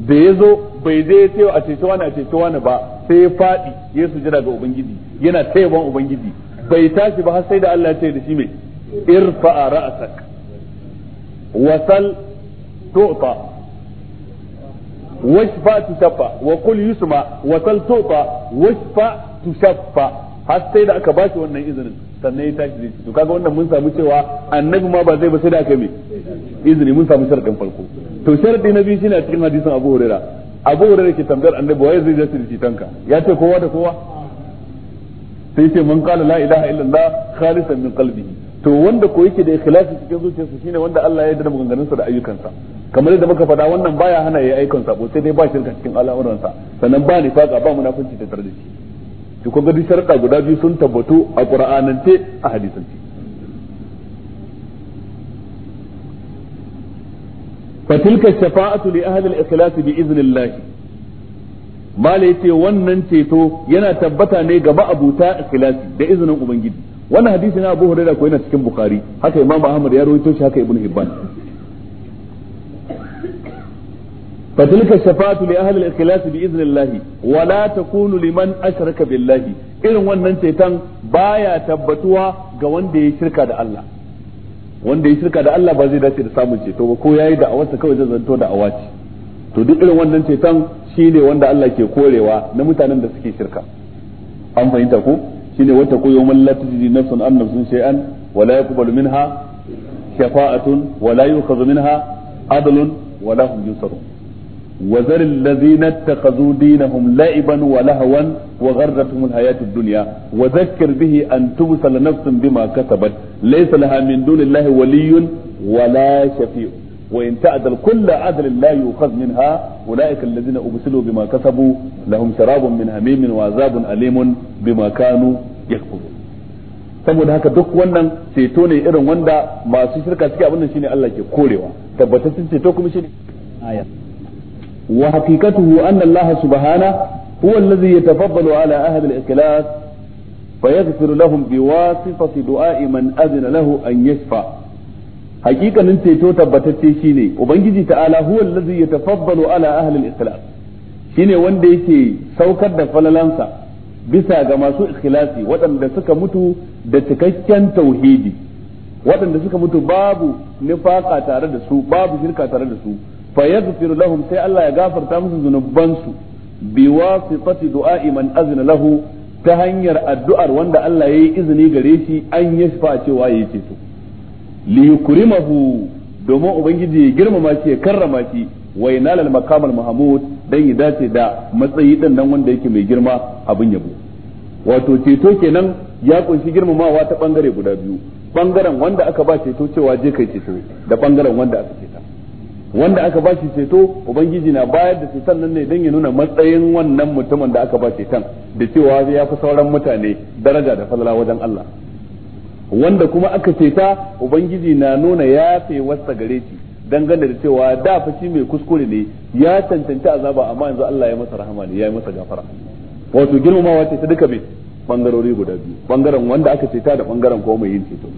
da ya zo bai je ya ce a ceci wani a ceci wani ba sai ya faɗi ya su jira ga ubangiji yana tayaban ubangiji bai tashi ba har sai da Allah ya ce da shi mai irfa ra'asar, wasal tu'ta washfa tushaffa wa qul yusma wa sal tuta washfa tushaffa har sai da aka ba shi wannan izinin sannan ya tashi zai to kaga wannan mun samu cewa annabi ma ba zai ba sai da aka mai izini mun samu sharadin farko to sharadi na biyu shine a cikin hadisin Abu Hurairah Abu Hurairah ke tambayar annabi waye zai je su tanka ya ce kowa da kowa sai ce man qala la ilaha illallah khalisan min qalbihi to wanda ko yake da ikhlasi cikin zuciyarsa shine wanda Allah ya yarda da maganganunsa da ayyukansa kamar yadda muka faɗa wannan baya hana yayi aikon sabo sai dai ba shirka cikin al'amuransa sannan ba ni nifaka ba munafunci da tare da shi ki kun ga duk guda biyu sun tabbatu a qur'anance a hadisance li ahli al-ikhlas bi الله mala yace wannan ceto yana tabbata ne ga ma'abuta ikhlas da izinin ubangiji wannan hadisi na Abu Hurairah ko yana cikin Bukhari haka Imam Ahmad ya rawaito shi haka ibnu Hibban فتلك الشفاعة لأهل الإخلاص بإذن الله ولا تكون لمن أشرك بالله إن wannan ceton baya tabbatuwa ga wanda ya shirka da Allah wanda ya shirka da Allah ba zai dace da samun ceto ba ko yayi da awarsa kawai zai zanto da awaci to duk irin wannan ceton shine wanda Allah ke korewa na mutanen da suke shirka an fahimta ko shine wata ko yawmal la tajidi nafsun an nafsun shay'an shafa'atun wala yu'khadhu minha adlun wala hum yunsarun وذر الذين اتخذوا دينهم لعبا ولهوا وغرتهم الحياة الدنيا وذكر به أن تبصل نفس بما كسبت ليس لها من دون الله ولي ولا شفيع وإن تعدل كل عدل لا يؤخذ منها أولئك الذين أبسلوا بما كسبوا لهم شراب من هميم وعذاب أليم بما كانوا يكفرون saboda haka duk wannan ceto ne irin wanda masu shirka suke abin nan shine Allah ke korewa tabbataccen ceto kuma shine ayat وحقيقته أن الله سبحانه هو الذي يتفضل على أهل الإخلاص فيغفر لهم بواسطة دعاء من أذن له أن يشفع حقيقة أنت تتبتت شيني وبنجي تعالى هو الذي يتفضل على أهل الإخلاص shine wanda yake saukar da falalansa bisa ga masu ikhlasi waɗanda suka mutu da cikakken tauhidi waɗanda suka mutu babu nifaka tare da su babu shirka tare da su fa yaghfir lahum sai Allah ya gafarta musu zunubansu bi wasitati dua iman azna lahu ta hanyar addu'ar wanda Allah yayi izini gare shi an yashfa cewa yayi ceto li yukrimahu domin ubangiji ya girmama shi ya karrama shi wa yanal maqamal mahmud dan ya dace da matsayi din nan wanda yake mai girma abin yabo wato ceto kenan ya kunshi girmamawa ta bangare guda biyu bangaren wanda aka ba ceto cewa je kai ceto da bangaren wanda aka ceta wanda aka ba shi ceto ubangiji na bayar da ceton nan ne don ya nuna matsayin wannan mutumin da aka ba ceton da cewa ya fi sauran mutane daraja da falala wajen Allah wanda kuma aka ceta ubangiji na nuna yafe wasa gare shi dangane da cewa da fashi mai kuskure ne ya cancanci azaba amma yanzu Allah ya masa rahama ne ya masa gafara wato girmamawa ce ta duka bai bangarori guda biyu bangaren wanda aka ceta da bangaren kuma mai yin ceto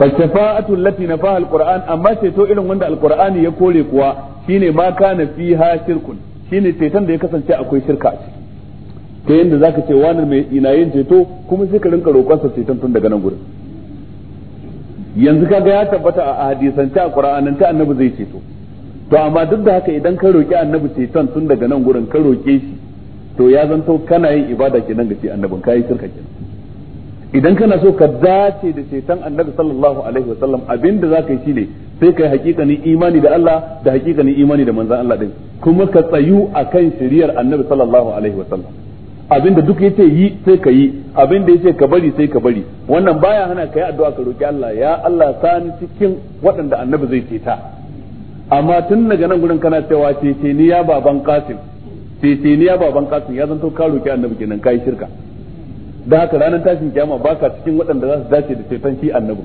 fa shafa'atu na nafaha alquran amma ceto irin wanda alqur'ani ya kore kuwa shine ma kana fiha shirkun shine ceton da ya kasance akwai shirka a ciki ta yadda zaka ce wani mai ina yin ceto kuma sai ka rinka sa ceton tun daga nan gurin yanzu kaga ya tabbata a hadisance a ta annabi zai ceto to amma duk da haka idan ka roki annabi ceton tun daga nan gurin ka roke shi to ya zanto kana yin ibada kenan ga shi annabin kai shirka kenan idan kana so ka dace da ceton annabi sallallahu alaihi wa sallam abinda za ka yi shine sai ka yi hakikanin imani da Allah da hakikanin imani da manzan Allah din kuma ka tsayu akan shari'ar annabi sallallahu alaihi wa sallam abinda duk ce yi sai ka yi abinda yace ka bari sai ka bari wannan baya hana ka yi addu'a ka roki Allah ya Allah sani cikin waɗanda annabi zai ceta amma tun daga nan gurin kana cewa ceceniya ni ya baban Qasim cece ya baban Qasim ya zanto ka roki annabi kenan kai shirka da haka ranar tashin kiyama baka cikin waɗanda za su dace da ceton shi annabi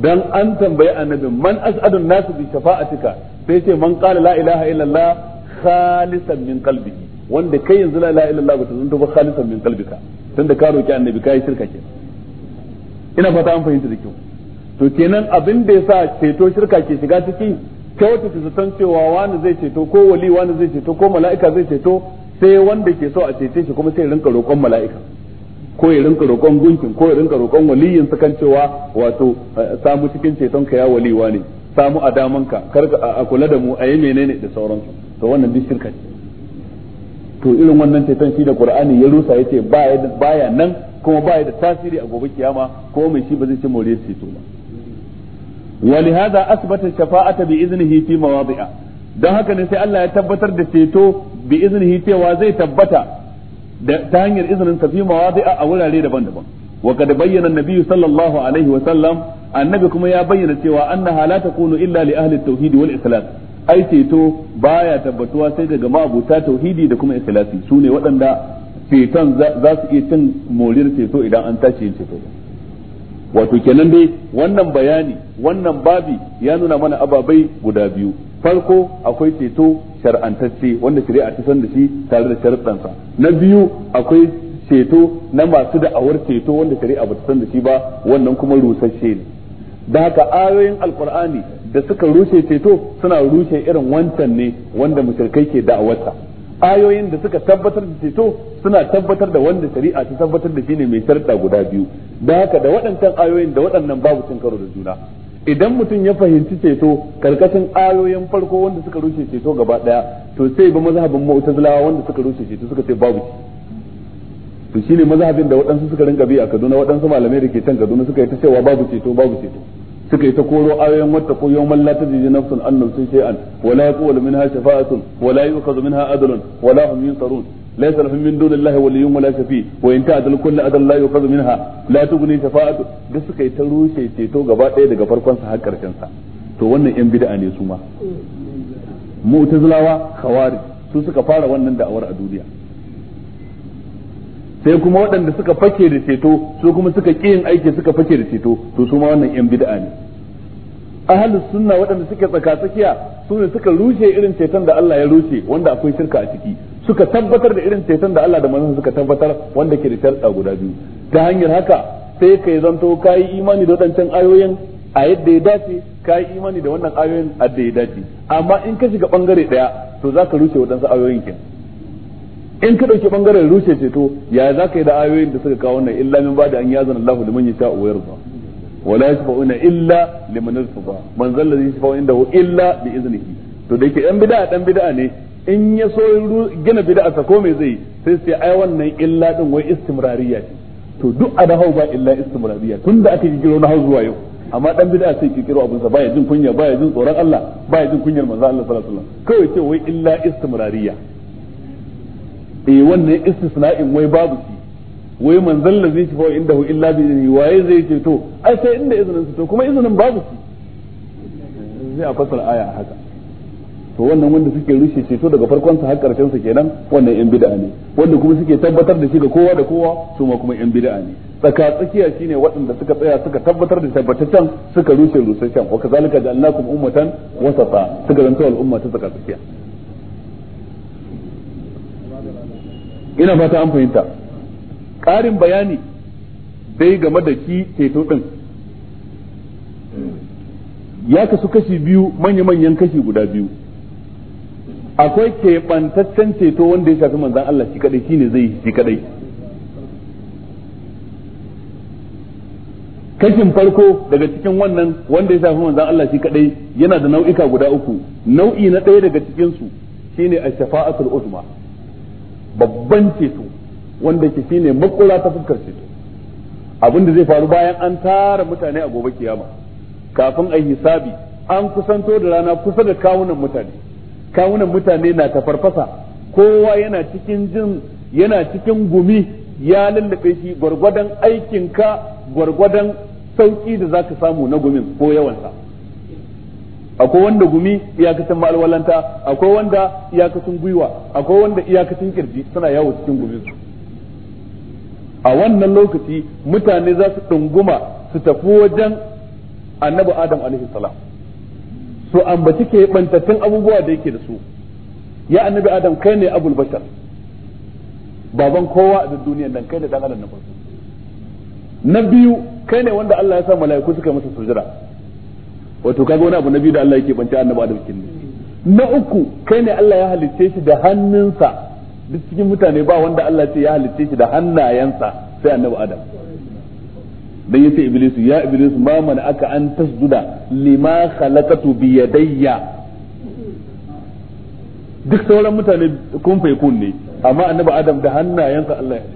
dan an tambayi annabi man as'adun nasu bi shafa'atika sai ce man qala la ilaha illallah khalisan min qalbihi wanda kai yanzu la ilaha illallah bata zunta ba khalisan min qalbika tunda ka roki annabi kai shirka ke ina fata an fahimta da kyau to kenan abin da yasa ceto shirka ke shiga ciki ta zaton cewa wani zai ceto ko wali wani zai ceto ko mala'ika zai ceto sai wanda ke so a cece shi kuma sai rinka roƙon mala'ika ko ya rinka roƙon gunkin ko ya rinka roƙon waliyin sa kan cewa wato samu cikin ceton ka ya waliwa ne samu a daman ka a kula da mu a yi menene da sauransu to wannan duk shirka ce to irin wannan ceton shi da qur'ani ya rusa yace baya baya nan kuma baya da tasiri a gobe kiyama ko mai shi ba zai ci more shi to ba ولهذا أثبت الشفاعة بإذنه في مواضع don haka ne sai Allah ya tabbatar da ceto bi iznihi cewa zai tabbata ta hanyar izinin sa fi mawadi'a a wurare daban-daban wa kad bayyana nabiyyu sallallahu alaihi wa sallam annabi kuma ya bayyana cewa annaha la takunu illa li ahli tauhid wal ikhlas ai ceto baya tabbatuwa sai daga mabuta tauhidi da kuma ikhlasi sune waɗanda ceton za su iya cin morir ceto idan an tashi yin ceto wato kenan dai wannan bayani wannan babi ya nuna mana ababai guda biyu farko akwai ceto shar'antacce wanda shari'a ta san da shi tare da sharuɗansa na biyu akwai ceto na masu da'awar ceto wanda shari'a ba ta san da shi ba wannan kuma rusasshe ne da haka ayoyin alkur'ani da suka rushe ceto suna rushe irin wancan ne wanda mushrikai ke da'awarsa ayoyin da suka tabbatar da ceto suna tabbatar da wanda shari'a ta tabbatar da shi ne mai sharɗa guda biyu da haka da waɗancan ayoyin da waɗannan babu cin karo da juna idan mutum ya fahimci ceto karkashin ayoyin farko wanda suka rushe ceto gaba daya to sai ba mazhabin mu'tazilawa wanda suka rushe ceto suka ce babu to shine mazhabin da waɗansu suka rinka bi a Kaduna waɗansu malamai da ke can Kaduna suka yi ta cewa babu ceto babu ceto suka yi ta koro ayoyin wata ko yau man la tajidi nafsun an nafsi an wala yaqulu minha shafa'atun wala yu'khadhu minha adlun wala hum yunsarun ليس لهم من دون الله ولي shafi wa وان تعدل كل عدل لا yuqad منها لا تغني شفاعته da suka yi ta rushe ceto gaba ɗaya daga farkon sa har karshen sa to wannan yan bid'a ne su ma mu'tazilawa khawarij su suka fara wannan da'awar a duniya sai kuma waɗanda suka fake da ceto su kuma suka ƙi yin aiki suka fake da ceto to su ma wannan yan bid'a ne ahlus sunna waɗanda suke tsaka tsakiya su ne suka rushe irin ceton da Allah ya rushe wanda akwai shirka a ciki suka tabbatar da irin ceton da Allah da manzon suka tabbatar wanda ke da sharɗa guda biyu ta hanyar haka sai ka zanto ka yi imani da waɗancan ayoyin a yadda ya dace ka yi imani da wannan ayoyin a yadda ya dace amma in ka shiga bangare ɗaya to za ka rushe waɗansu ayoyin kin in ka ɗauki bangaren rushe ceto ya za ka yi da ayoyin da suka kawo wannan illa min ba da an yazan Allahu liman yasha wa yarda ولا يشفعون illa liman ارتضى من ذا الذي يشفع illa bi iznihi to da yake yan bid'a dan bid'a ne in ya so gina bid'a ko me zai sai sai ai wannan illa din wai istimrariya ce to duk a dahau ba illa istimrariya tunda aka kirkiro na zuwa yau amma dan bid'a sai kirkiro abin sa baya jin kunya baya jin tsoron Allah baya jin kunyar manzo Allah sallallahu alaihi wasallam kawai ce wai illa istimrariya eh wannan istisna'in wai babu shi wai manzon lazi shi fa hu illa bi ni waye zai ce to ai sai inda izinin su to kuma izinin babu shi zai a fasal aya haka to wannan wanda suke rushe ceto daga farkon sa har karshen sa kenan wannan yan bid'a ne wanda kuma suke tabbatar da shi ga kowa da kowa su ma kuma yan bid'a ne tsaka tsakiya shine waɗanda suka tsaya suka tabbatar da tabbataccen suka rushe rusaccen wa kazalika ja'alnakum ummatan wasata suka zanto al'umma ta tsaka tsakiya ina fata an fahimta ƙarin bayani dai game da ki ceto din ya kasu kashi biyu manya-manyan kashi guda biyu akwai keɓantaccen ceto wanda ya shafi manzan Allah shi kadai shine zai shi kadai kashin farko daga cikin wannan wanda ya shafi manzan Allah shi kadai yana da nau'ika guda uku nau'i na ɗaya daga cikin su shine ash-shafa'atul uzma babban ceto wanda ke shine makura ta fuskar ceto abin da zai faru bayan an tara mutane a gobe kiyama kafin a hisabi an kusanto da rana kusa da kawunan mutane kawunan mutane na ta farfasa kowa yana cikin jin yana cikin gumi ya lallabe shi gwargwadon aikinka gwargwadon sauki da zaka samu na gumin ko yawansa akwai wanda gumi iyakacin ma'alwalanta akwai wanda iyakacin gwiwa akwai wanda iyakacin kirji suna yawo cikin gumi su a wannan lokaci mutane za su ɗunguma su tafi wajen annabi adam alaihi salam su ambaci ke bantattun abubuwa da yake da su ya annabi adam kai ne abul bashar baban kowa a duniyar nan kai ne dan adam na farko na biyu kai ne wanda Allah ya sa mala'iku suka masa sujira wato kaga wani abu na biyu da Allah yake bance annabi adam kin na uku kai ne Allah ya halicce shi da hannunsa duk cikin mutane ba wanda Allah ce ya halicce shi da hannayensa sai annabi adam dan yace iblis ya iblis ma man aka an tasjuda lima khalaqatu bi yadayya duk sauran mutane kun fai kun ne amma annabi adam da hannayensa Allah ya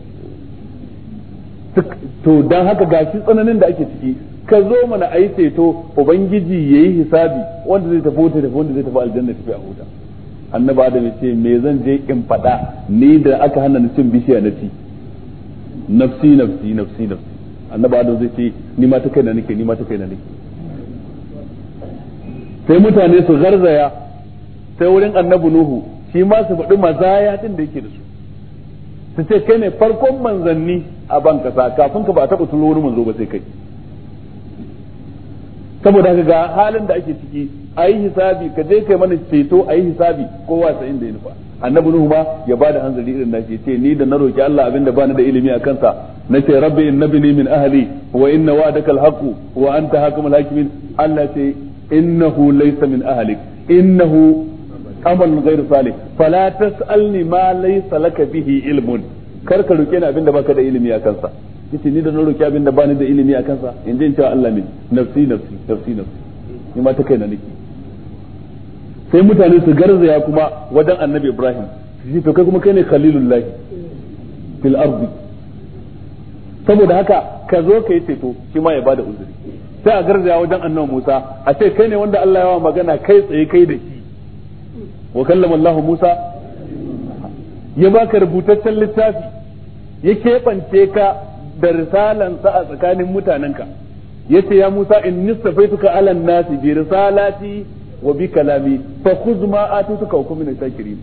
to dan haka gashi tsananin da ake ciki ka zo mana ayi ceto ubangiji yayi hisabi wanda zai tafi wuta tafi wanda zai tafi aljanna tafi a huta annabi adam ya ce me zan je in faɗa ni da aka hana ni cin bishiya na ci nafsi nafsi nafsi nafsi annabi adam zai ce ni ma ta kaina nake ni ma ta kaina nake sai mutane su garzaya sai wurin annabi nuhu shi ma su faɗi mazaya din da yake da su su ce kai ne farkon manzanni a ban kasa kafin ka ba a taɓa tulo wani manzo ba sai kai saboda ga halin da ake ciki a yi hisabi ka je kai mana ceto a yi hisabi kowa sa inda ya nufa annabi nuhu ma ya bada hanzari irin nashi ce ni da na roki Allah abinda bani da ilimi a kansa na ce rabbi innabini min ahli wa inna wa'daka alhaqu wa anta hakamul hakimin Allah ce innahu laysa min ahlik innahu amal ghairu salih fala tasalni ma laysa laka bihi ilmun karka ka roke ni abinda baka da ilimi a kansa yace ni da na roki abinda bani da ilimi a kansa in ji in cewa Allah min nafsi nafsi nafsi nafsi ni ma ta kai na nake sai mutane su garzaya kuma wajen annabi ibrahim shi to kai kuma kai ne khalilullahi fil ardi saboda haka ka zo ka yi ceto shi ma ya bada uzuri sai a garzaya wajen annabi musa a ce kai ne wanda Allah ya wa magana kai tsaye kai da shi wa kallama Allah musa ya baka rubutaccen littafi ya keɓance ka da risalansa a tsakanin mutanenka yace ya musa in nistafaituka alan nasi bi risalati wa bi kalami fa khudh ma atuka wa kun min shakirin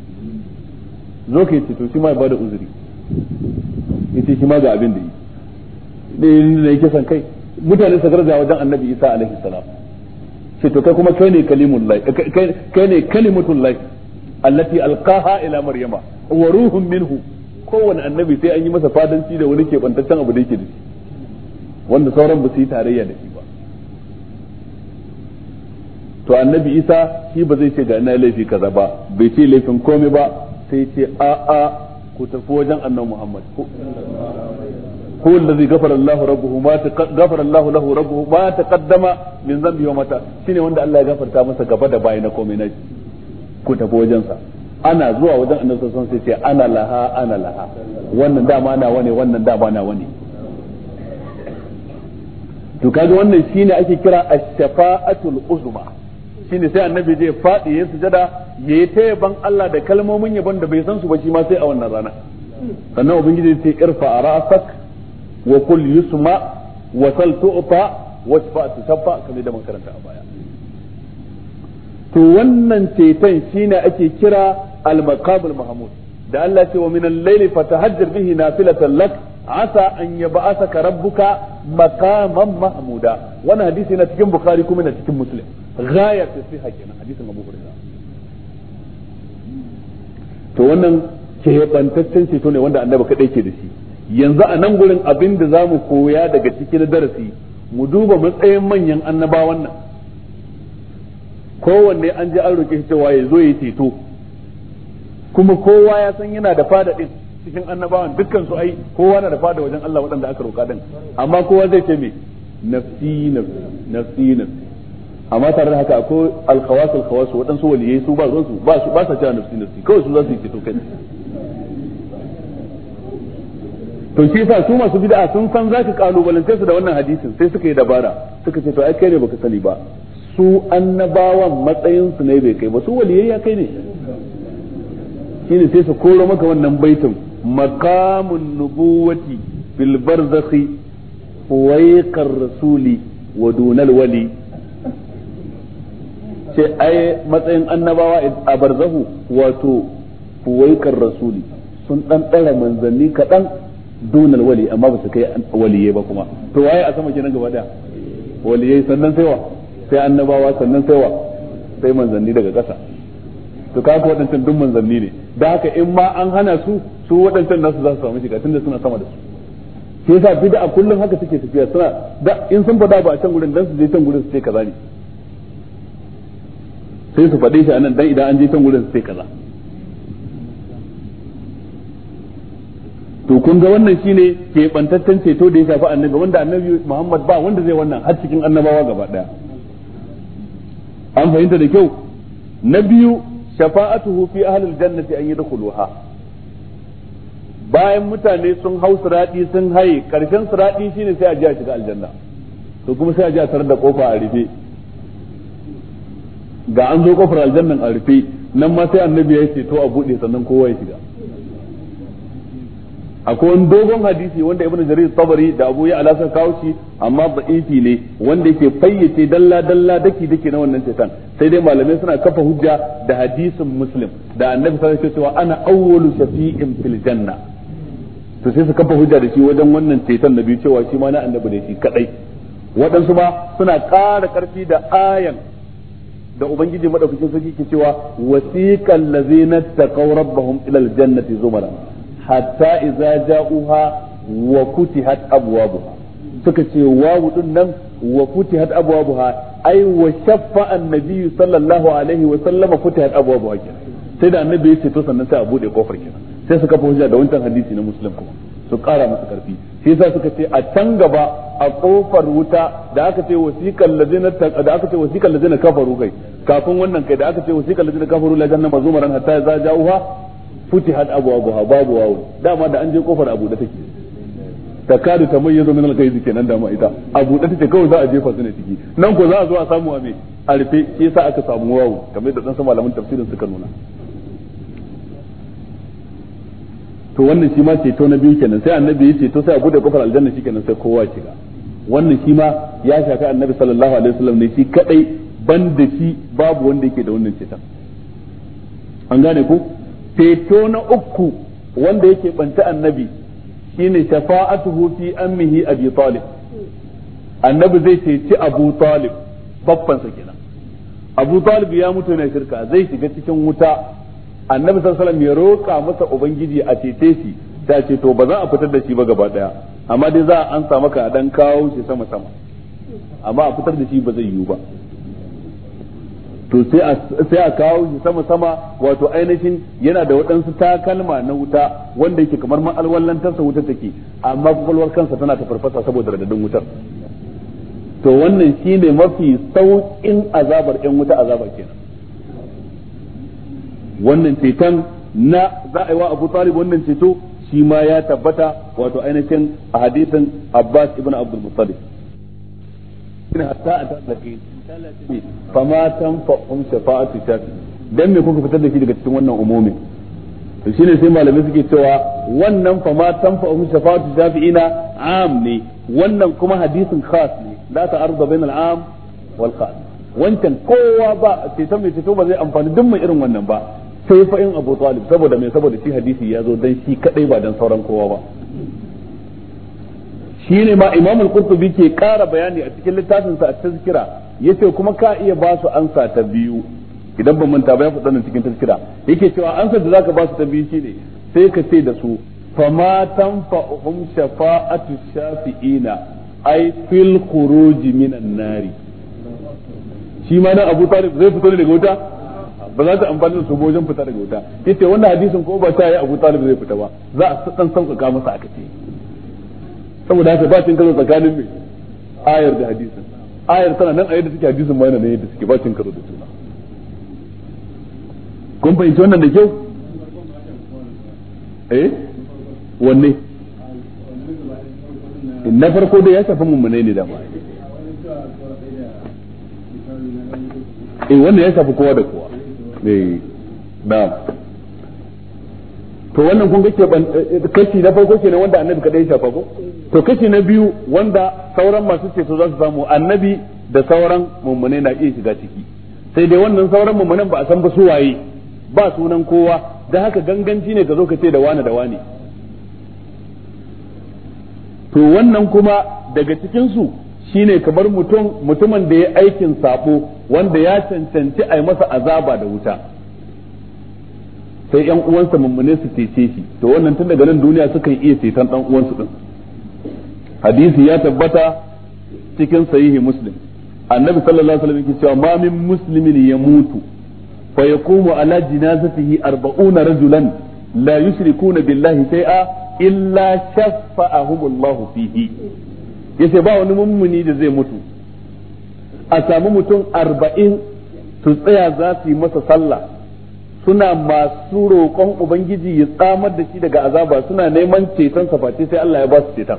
zo ka bada uzuri yace ma ga abin da yi da yin da kai mutane su garza wajen annabi isa alaihi salam sai to kai kuma kai ne kalimullah kai ne alqaha ila maryama ruhun minhu kowane annabi sai an yi masa fadanci da wani kebantaccen abu da yake da shi wanda sauran ba su yi tarayya da shi to annabi isa shi ba zai ce ga ina laifi kaza ba bai ce laifin komai ba sai ce a a ku tafi wajen annabi muhammad هو الذي غفر الله ربه ما غفر الله له ربه ما تقدم من ذنبه وما shine wanda Allah ya gafarta masa gaba da baya na komai na ku tafi wajen sa ana zuwa wajen annabi sallallahu alaihi wasallam sai ce ana laha ana laha wannan dama na wane wannan dama na wane to kaga wannan shine ake kira ash-shafa'atul uzma shine sai annabi zai faɗi ya sujada me ta yaban Allah da kalmomin yaban da bai san su ba shi ma sai a wannan rana sannan ubangiji zai ce irfa ra'sak wa kul yusma wa sal tu'ta wa shfa tushaffa kamar da karanta a baya to wannan ceton shine ake kira al-maqamul mahmud da Allah ce wa minal layli fatahajjar bihi nafilatan lak asa an yab'asaka rabbuka maqaman mahmuda wannan hadisi na cikin bukhari kuma na cikin muslim gaya ta sai haƙi na hadisin abu hurira to wannan keɓantaccen ceto ne wanda annabi kaɗai ke da shi yanzu a nan gurin abin da za mu koya daga cikin darasi mu duba matsayin manyan annabawan nan kowanne an ji an roƙe cewa ya zo ya ceto kuma kowa ya san yana da fada din cikin annabawan dukkan su ai kowa na da fada wajen Allah waɗanda aka roƙa din amma kowa zai ce me nafsi nafsi nafsi nafsi amma tare da haka akwai alkhawas alkhawas waɗansu waliyai su ba ruwan su ba su ba sa cewa nafsi nafsi kawai su za su yi ceto kai to shi yasa su masu bid'a sun san zaka kalubalance su da wannan hadisin sai suka yi dabara suka ce to ai kai ne baka sani ba su annabawan matsayin su ne bai kai ba su waliyai ya kai ne shine sai su koro maka wannan baitin maqamun nubuwati fil barzakhi huwaiqar rasuli wa dunal wali ce ai matsayin annabawa a barzahu wato huwaikar rasuli sun dan dara manzanni kaɗan dunal wali amma ba su kai waliye ba kuma to waye a sama kenan gaba daya waliye sannan sai wa sai annabawa sannan sai wa sai manzanni daga ƙasa to kaga waɗancan duk manzanni ne da haka in ma an hana su su waɗancan nasu za su samu shiga tunda suna sama da su sai yasa bid'a kullum haka suke tafiya suna da in sun fada ba a can gurin dan su je can gurin su ce kaza ne sai su faɗe shi anan dan idan an je can gurin sai kaza to kun ga wannan shine ke bantaccen ceto da ya shafi annabi wanda annabi Muhammad ba wanda zai wannan har cikin annabawa gaba daya an fahimta da kyau na biyu shafa'atuhu fi ahlil jannati an yadkhuluha bayan mutane sun hau siradi sun haye karshen siradi shine sai a ji a shiga aljanna to kuma sai a ji a tarar da kofa a rufe ga an zo kofar aljannan a rufe nan ma sai annabi ya ce to a bude sannan kowa ya shiga akwai wani dogon hadisi wanda ibnu jarir tabari da abu ya alasa kawo shi amma da'ifi ne wanda yake fayyace dalla dalla daki dake na wannan cetan sai dai malamai suna kafa hujja da hadisin muslim da annabi sallallahu alaihi cewa ana awwalu safi'in fil janna to sai su kafa hujja da shi wajen wannan cetan na cewa shi ma na annabi ne shi kadai waɗansu ma suna ƙara ƙarfi da ayan da ubangiji madaukakin sarki ke cewa wasiqal ladzina taqaw rabbahum ila aljannati zumara hatta idza ja'uha wa futihat abwabuha suka ce wawu din nan wa futihat abwabuha ai wa shaffa annabi sallallahu alaihi wa sallama futihat abwabuha sai da annabi ya ce to sannan sai a bude kofar kenan sai suka fahimta da wancan hadisi na muslim kuma su kara masa karfi shi yasa suka ce a can gaba a kofar wuta da aka ce wasiqal ladina da aka ce wasiqal ladina kafaru kai kafin wannan kai da aka ce wasiqal ladina kafaru la jannama zumaran hatta za ja'uha futihat abwaabuha babu wawu dama da an je kofar abu da take takadu tamayyazu min al-ghayz kenan dama ita abu da take kawai za a jefa su ne ciki nan ko za a zo a samu a me a rufe shi yasa aka samu wawu kamar da dan sama malamin tafsirin suka nuna to wannan shi ma ceto na biyu kenan sai annabi ya ceto sai a bude kofar aljanna shi kenan sai kowa shiga wannan shi ma ya shafi annabi sallallahu alaihi wasallam ne shi kadai ban da shi babu wanda yake da wannan ceton an gane ko ceto na uku wanda yake banta annabi shine shafa'atuhu fi ammihi abi talib annabi zai ceci abu talib babban sa kenan abu talib ya mutu ne shirka zai shiga cikin wuta annabi sallallahu alaihi wasallam ya roƙa masa ubangiji a cece shi ta ce to ba za a fitar da shi ba gaba daya amma dai za a ansa maka a dan kawo shi sama sama amma a fitar da shi ba zai yiwu ba to sai a kawo shi sama sama wato ainihin yana da waɗansu takalma na wuta wanda yake kamar sa wuta take amma kwakwalwar kansa tana ta farfasa saboda radadin wutar to wannan shi ne mafi sauƙin azabar 'yan wuta azabar kenan wannan ceton na za a yi wa Abu Talib wannan ceto shi ma ya tabbata wato ainihin a hadisin Abbas ibn Abdul Muttalib ina hatta a tallake fama tanfa'um shafa'atu shafi dan me kuka fitar da shi daga cikin wannan umumin to shine sai malamai suke cewa wannan fama tanfa'um shafa'atu shafi'ina am ne wannan kuma hadisin khas ne la ta'arud bainal am wal khas wancan kowa ba ceton mai ceto ba zai amfani duk mai irin wannan ba sai fa in Abu Talib saboda mai saboda shi hadisi ya zo dan shi kadai ba dan sauran kowa ba shine ma Imam Al-Qurtubi ke kara bayani a cikin littafin sa a tazkira yace kuma ka iya ba su ansa ta biyu idan ban manta ba ya faɗa nan cikin tazkira yake cewa ansa da zaka ba su ta biyu shine sai ka ce da su fama tanfa'uhum shafa'atu shafi'ina ai fil khuruj minan nari shi ma nan Abu Talib zai fito ne daga wuta ba za ta amfani da su wajen fita daga wuta yace wannan hadisin ko ba ta yi Abu Talib zai fita ba za a san sauƙaƙa masa aka kace saboda haka ba cin karo tsakanin me ayar da hadisin ayar tana nan a yadda suke hadisin ma yana nan yadda suke ba cin karo da juna kun fahimci wannan da kyau eh wanne na farko da ya shafi mummune ne dama eh wannan ya shafi kowa da kowa Eh, na'am to wannan kun ban eh, eh, kashi na farko kenan wanda annabi kadai ya shafa ko to kashi na biyu wanda sauran masu ceto za su samu annabi da sauran mummune na iya shiga ciki sai dai wannan sauran mummunan ba a san ba su waye ba sunan kowa da haka ganganci ne ka zo ka ce da wani da wani to wannan kuma daga cikin su shine kamar mutum mutumin da ya aikin sabo wanda ya cancanci a yi masa azaba da wuta sai yan uwansa mummune su cece shi to wannan tun daga nan duniya suka iya ceton dan uwansu din hadisi ya tabbata cikin sahihi muslim annabi sallallahu alaihi wasallam yake cewa ma min muslimin yamutu fa yaqumu ala jinazatihi 40 rajulan la yushrikuna billahi shay'a illa shaffa'ahumullahu fihi yace ba wani mummuni da zai mutu a samu mutum arba'in su tsaya za su yi masa sallah suna masu roƙon ubangiji ya tsamar da shi daga azaba suna neman ceton face sai Allah ya ba su ceton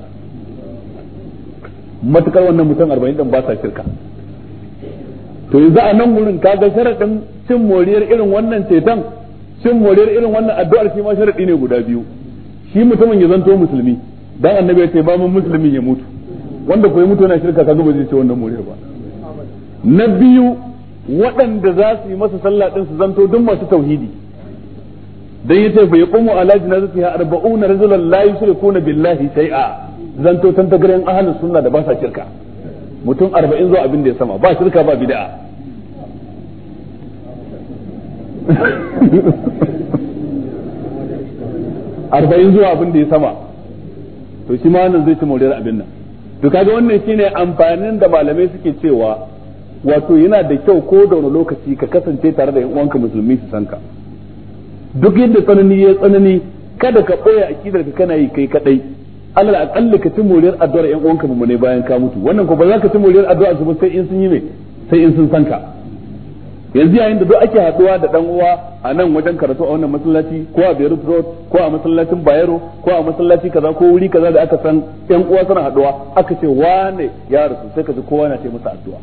matukar wannan mutum arba'in din ba sa shirka to yanzu a nan gurin kaga sharaɗin cin moriyar irin wannan ceton cin moriyar irin wannan addu'ar shi ma sharaɗi ne guda biyu shi mutumin ya zanto musulmi dan annabi ya ce ba mun musulmin ya mutu wanda koyi mutu yana shirka ka ba zai ce wannan more ba na biyu waɗanda za su yi masa sallah din su zanto duk masu tauhidi dan yace fa yaqumu ala janazatiha 40 rajulan la yushrikuna billahi shay'a zanto tantagarin ahlus sunna da ba sa shirka mutum 40 zuwa abin da ya sama ba shirka ba bid'a <laughs> arba'in zuwa abin da ya sama to shi ma nan zai ci moriyar abin nan to kaga wannan shine amfanin da malamai suke cewa wato yana da kyau ko da wani lokaci ka kasance tare da yan uwanka musulmi su san ka duk yadda tsanani ya tsanani kada ka ɓoye akidar ka kana yi kai kadai da aqalla ka ci moriyar addu'ar yan uwanka mu ne bayan ka mutu wannan ko ba za ka ci moriyar addu'ar su ba sai in sun yi me sai in sun san ka yanzu yayin da duk ake haduwa da dan uwa a nan wajen karatu a wannan masallaci ko a Beirut Road ko a masallacin Bayero ko a masallaci kaza ko wuri kaza da aka san yan uwa suna haduwa aka ce wane ya rasu sai ka ji kowa na ce masa addu'a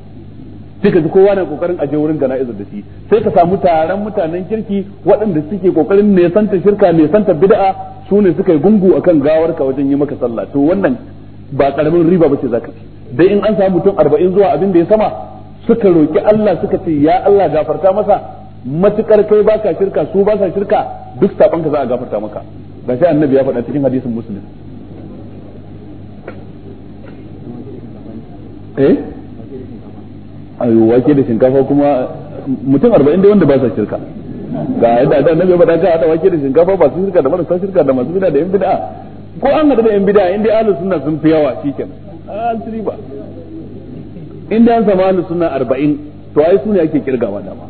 sai ka ji kowa na kokarin aje wurin gana'izar da shi sai ka samu taron mutanen kirki waɗanda suke kokarin ne santa shirka ne santa bid'a su ne suka yi gungu akan gawar ka wajen yi maka sallah to wannan ba karamin riba bace zaka ci dai in an samu mutum 40 zuwa abin da ya sama suka roki Allah suka ce ya Allah gafarta masa matukar kai baka shirka su ba sa shirka duk sabon ka za a gafarta maka ba sai annabi ya faɗa cikin hadisin muslim eh ayo wake da shinkafa kuma mutum 40 dai wanda ba sa shirka ga yadda da annabi ya faɗa ka hada wake da shinkafa ba su shirka da marasa shirka da masu bid'a da yan bid'a ko an hada da yan bid'a inda ahlus sunna sun fi yawa shikenan an tsiri ba in da an zama ahlus suna arba'in to ai su ne ake kirgawa dama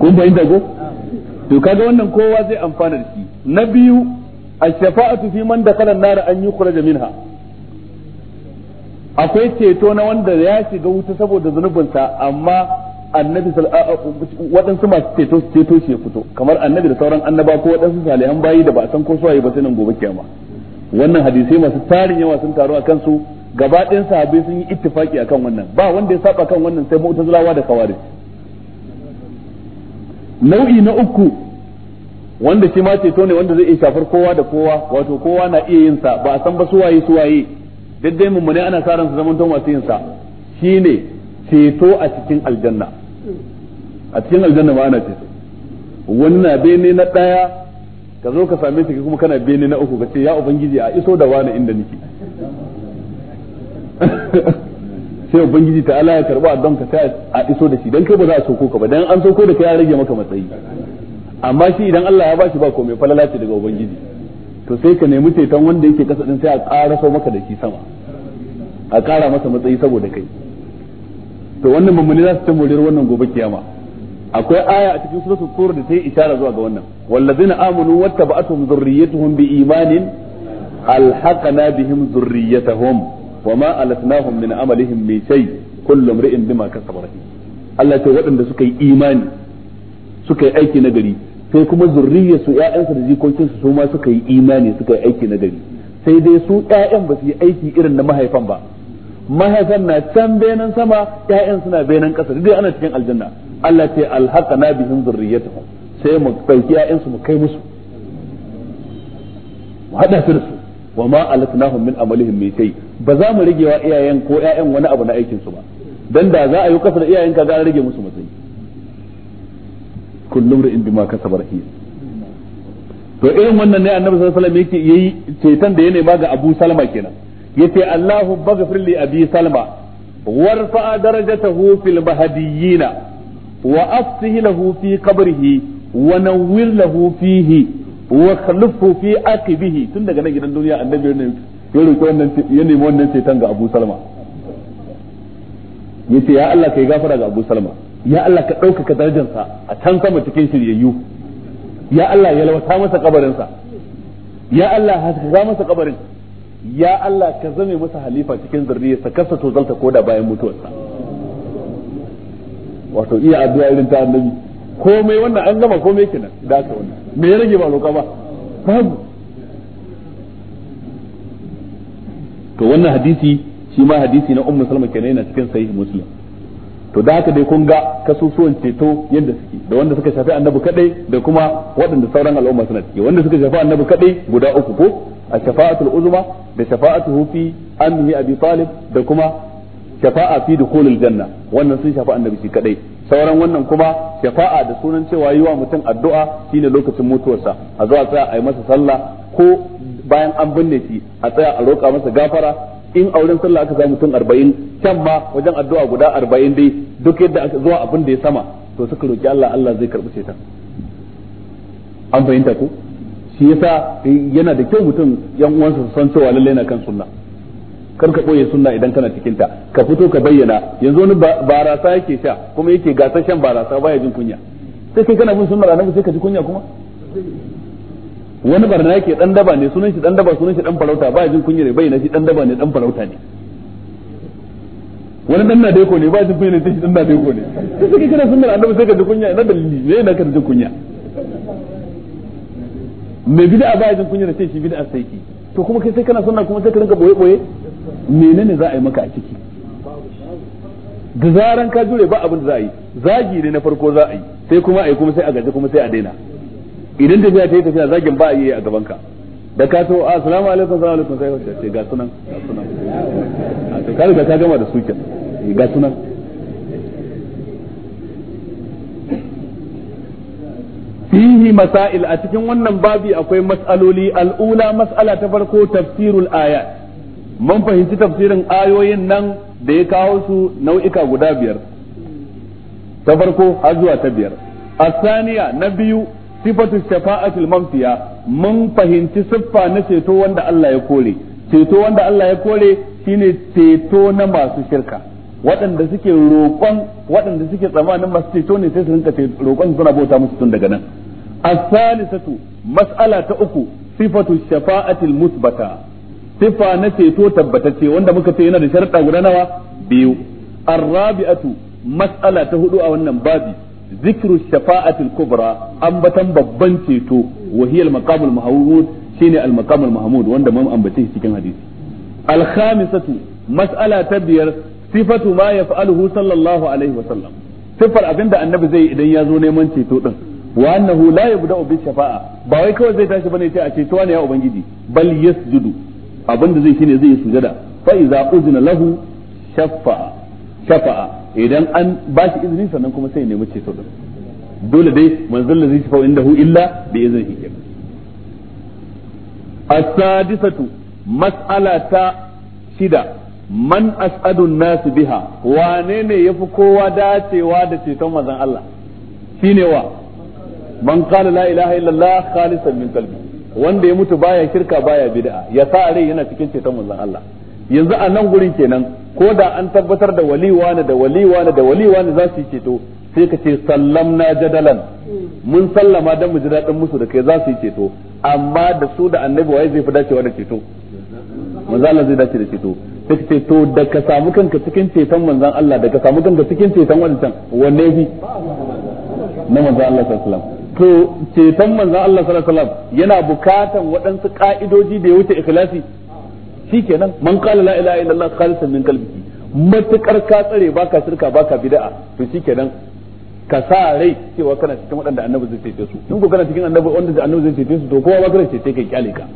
kun fahimta ko to kaga wannan kowa zai amfana da shi na biyu ash-shafa'atu fi man dakhala an-nar an da minha akwai ceto na wanda ya shiga wuta saboda zunubinsa amma annabi waɗansu masu ceto su ceto shi ya fito kamar annabi da sauran annaba ko waɗansu salihan bayi da ba a san ko suwaye ba sai nan gobe kiyama wannan hadisai masu tarin yawa sun taru a kansu gaba ɗayan sahabbai sun yi ittifaki kan wannan ba wanda ya saba kan wannan sai mu'tazilawa da kawari nau'i na uku wanda shi ma ceto ne wanda zai iya shafar kowa da kowa wato kowa na iya yin sa ba a san ba su waye su waye dai mun ana sa ran su zaman masu yin sa shine ceto a cikin aljanna a cikin aljanna ma ana ceto wannan bene na daya ka zo ka same shi kuma kana bene na uku ka ce ya ubangiji a iso da wani inda nake <laughs> sai ubangiji ta ala ya a don ka sai a iso da shi dan kai ba za a soko ka ba dan an soko da kai ya rage maka matsayi amma shi idan Allah ya bashi ba komai falala ce daga ubangiji to sai ka nemi ceton wanda yake kasa din sai a ƙara so maka da shi sama a ƙara masa matsayi saboda kai to wannan mummuni za su ta wannan gobe kiyama akwai aya a cikin suratul tur da ta yi isharar zuwa ga wannan wallazina amanu wattaba'atuhum dhurriyyatuhum biimanin alhaqna bihim dhurriyyatahum wama alatnahum min amalihim min shay kullu imri'in bima kasaba Allah ce waɗanda suka yi imani suka yi aiki nagari sai kuma zurriyarsu ƴaƴansu da jikokinsu su ma suka yi imani suka yi aiki nagari sai dai su ƴaƴan ba su yi aiki irin na mahaifan ba mahaifan na can benan sama ƴaƴan suna benan ƙasa duk ana cikin aljanna Allah ce alhaqana bihim zurriyatuhum sai mu dauki ƴaƴan su mu kai musu mu haɗa su da su wa ma alatnahum min amalihim min shay ba za mu rigewa iyayen ko ƴaƴan wani abu na aikin su ba dan da za a yi kasa da iyayen ka ga rage musu matsayi kullum ra'in bima kasaba rahim to irin wannan ne annabi sallallahu alaihi wasallam yake yayi cetan da ya ba ga Abu Salma kenan yace Allahu baghfir li abi salma warfa darajatahu fil mahdiyina wa afsih lahu fi qabrihi wa nawwir lahu fihi wa khalifu fi aqibihi tun daga nan gidan duniya annabi ne ya roki wannan ya nemi wannan ceton ga Abu Salma yace ya Allah kai gafara ga Abu Salma ya Allah ka ɗaukaka darajarsa a can sama cikin shiryayyu ya Allah ya lawata masa kabarinsa ya Allah haska masa kabarin ya Allah ka zame masa halifa cikin zurriyarsa kasa to zalta koda bayan mutuwarsa wato iya addu'a irin ta annabi komai wannan an gama komai kenan da aka wannan me ya rage ba roƙa ba babu to wannan hadisi shi ma hadisi na ummu salma kenan yana cikin sahih muslim to da haka dai kun ga kasusuwan ceto yadda suke da wanda suka shafi annabi kadai da kuma waɗanda sauran al'umma suna ciki wanda suka shafi annabi kadai guda uku ko A shafa'atu الشفاعة العظمى بشفاعته في أم أبي da kuma shafa'a fi dukhulil janna wannan sun shafa annabi shi kadai sauran wannan kuma shafa'a da sunan cewa yi wa mutum addu'a shine lokacin mutuwarsa a zuwa tsaya a yi masa sallah ko bayan an binne shi a tsaya a roƙa masa gafara in auren sallah aka samu mutum 40 can ma wajen addu'a guda 40 dai duk yadda aka zuwa abin da ya sama to suka roki Allah Allah zai karbi ceton an fahimta ko shi yasa yana da kyau mutum yan uwansa su san cewa lallai na kan sunna kar ka boye sunna idan kana cikin ta ka fito ka bayyana yanzu wani barasa yake sha kuma yake gasar shan barasa baya jin kunya sai kai kana bin sunnar annabi sai ka ji kunya kuma wani barna yake dan daba ne sunan shi dan daba sunan shi dan farauta baya jin kunya ne bayyana shi dan daba ne dan farauta ne wani dan na ne baya jin kunya ne sai shi dan na ne sai kai kana sunnar annabi sai ka ji kunya ina dalili ne ina ka ji kunya mai bid'a ba jin kunya da ce shi bid'a sai ki to kuma kai sai kana sunna kuma sai ka rinka boye boye menene za a yi maka a ciki da zaran ka jure ba abin da za a yi zagi ne na farko za a yi sai kuma a yi kuma sai a gaji kuma sai a daina idan tafiya ta yi tafiya zagin ba a yi a gaban ka da ka to ah, assalamu alaikum assalamu alaikum sai ga sunan ga sunan ka riga ka gama da ga sunan fihi masail a cikin wannan babi akwai mas'aloli al'ula mas'ala ta farko tafsirul ayat mun fahimci tafsirin ayoyin nan da ya kawo su nau'ika guda biyar ta farko har zuwa ta biyar asaniya na biyu sifatu shafa'atul mamfiya mun fahimci siffa na ceto wanda Allah ya kore ceto wanda Allah ya kore shine ceto na masu shirka waɗanda suke roƙon waɗanda suke tsammanin masu ceto ne sai su rinka roƙon suna bauta musu tun daga nan as-salisatu mas'ala ta uku sifatu shafa'atil musbata sifa na ceto tabbatacce wanda muka ce yana da sharuɗa guda nawa biyu ar-rabi'atu mas'ala ta hudu a wannan babi zikru shafa'atil kubra ambatan babban ceto wa hiya al-maqamul mahmud shine al-maqamul mahmud wanda mun ambace cikin hadisi al-khamisatu mas'ala ta biyar sifatu ma yaf'aluhu sallallahu alaihi wa sallam sifar abinda annabi zai idan ya zo neman ceto din wa annahu la yabda'u bi shafa'a ba wai kawai zai tashi bane sai a ce to ne ya ubangiji bal yasjudu abinda zai shine zai sujada fa iza uzina lahu shafa'a shafa'a idan an ba shi izini sannan kuma sai ya nemi ceto din dole dai manzon da zai shafa indahu illa bi iznihi kenan as-sadisatu mas'alata shida man as'adun nas biha wane ne yafi kowa dacewa da ceton manzon Allah shine wa man qala la ilaha illallah khalisan min qalbi wanda ya mutu baya shirka baya bid'a ya sa rai yana cikin ceton manzon Allah yanzu a nan gurin kenan ko da an tabbatar da wali wani da wali wani da wali wani za su yi ceto sai ka ce sallamna jadalan mun sallama dan mu ji musu da kai za su yi ceto amma da su da annabi waye zai fi dacewa da ceto manzo Allah zai dace da ceto sai ce to da ka samu kanka cikin ceton manzon Allah da ka samu kanka cikin ceton wancan wanne fi na manzon Allah sallallahu alaihi wasallam to ceton manzon Allah sallallahu alaihi wasallam yana bukatan waɗansu ka'idoji da ya wuce ikhlasi shikenan man qala la ilaha illallah khalisan min qalbi matukar ka tsare baka shirka baka bid'a to shikenan ka sa rai cewa kana cikin waɗanda annabi zai ce su in ko kana cikin annabi wanda annabi zai ce su to kowa ba kana ce kai kyale ka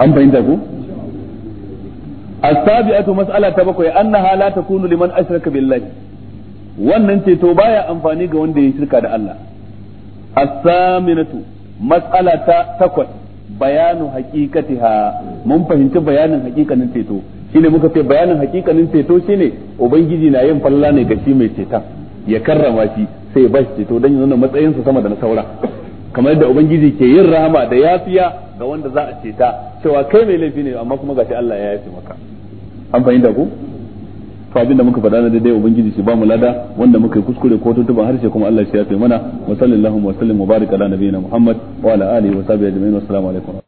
an fahimta ku as-sabi'atu mas'ala ta bakwai annaha la takunu liman asharaka billahi wannan ceto baya amfani ga wanda ya shirka da Allah as-saminatu mas'ala ta takwas bayanu haqiqatiha mun fahimci bayanin haqiqanin ceto shine muka ce bayanin haqiqanin ceto shine ubangiji na yin falla ne ga shi mai ceta ya karrama shi sai ba bashi ceto dan ya nuna matsayinsa sama da na saura kamar da ubangiji ke yin rahama da yafiya ga wanda za a ceta cewa kai mai laifi ne amma kuma gashi Allah ya yafe maka an fahimta ku to abin da muka faɗa na daidai ubangiji shi ba mu lada wanda muka yi kuskure ko tuntuban harshe kuma Allah shi yafe mana wa sallallahu wa sallam wa baraka ala nabiyina muhammad wa ala alihi wa sahbihi ajma'in assalamu alaikum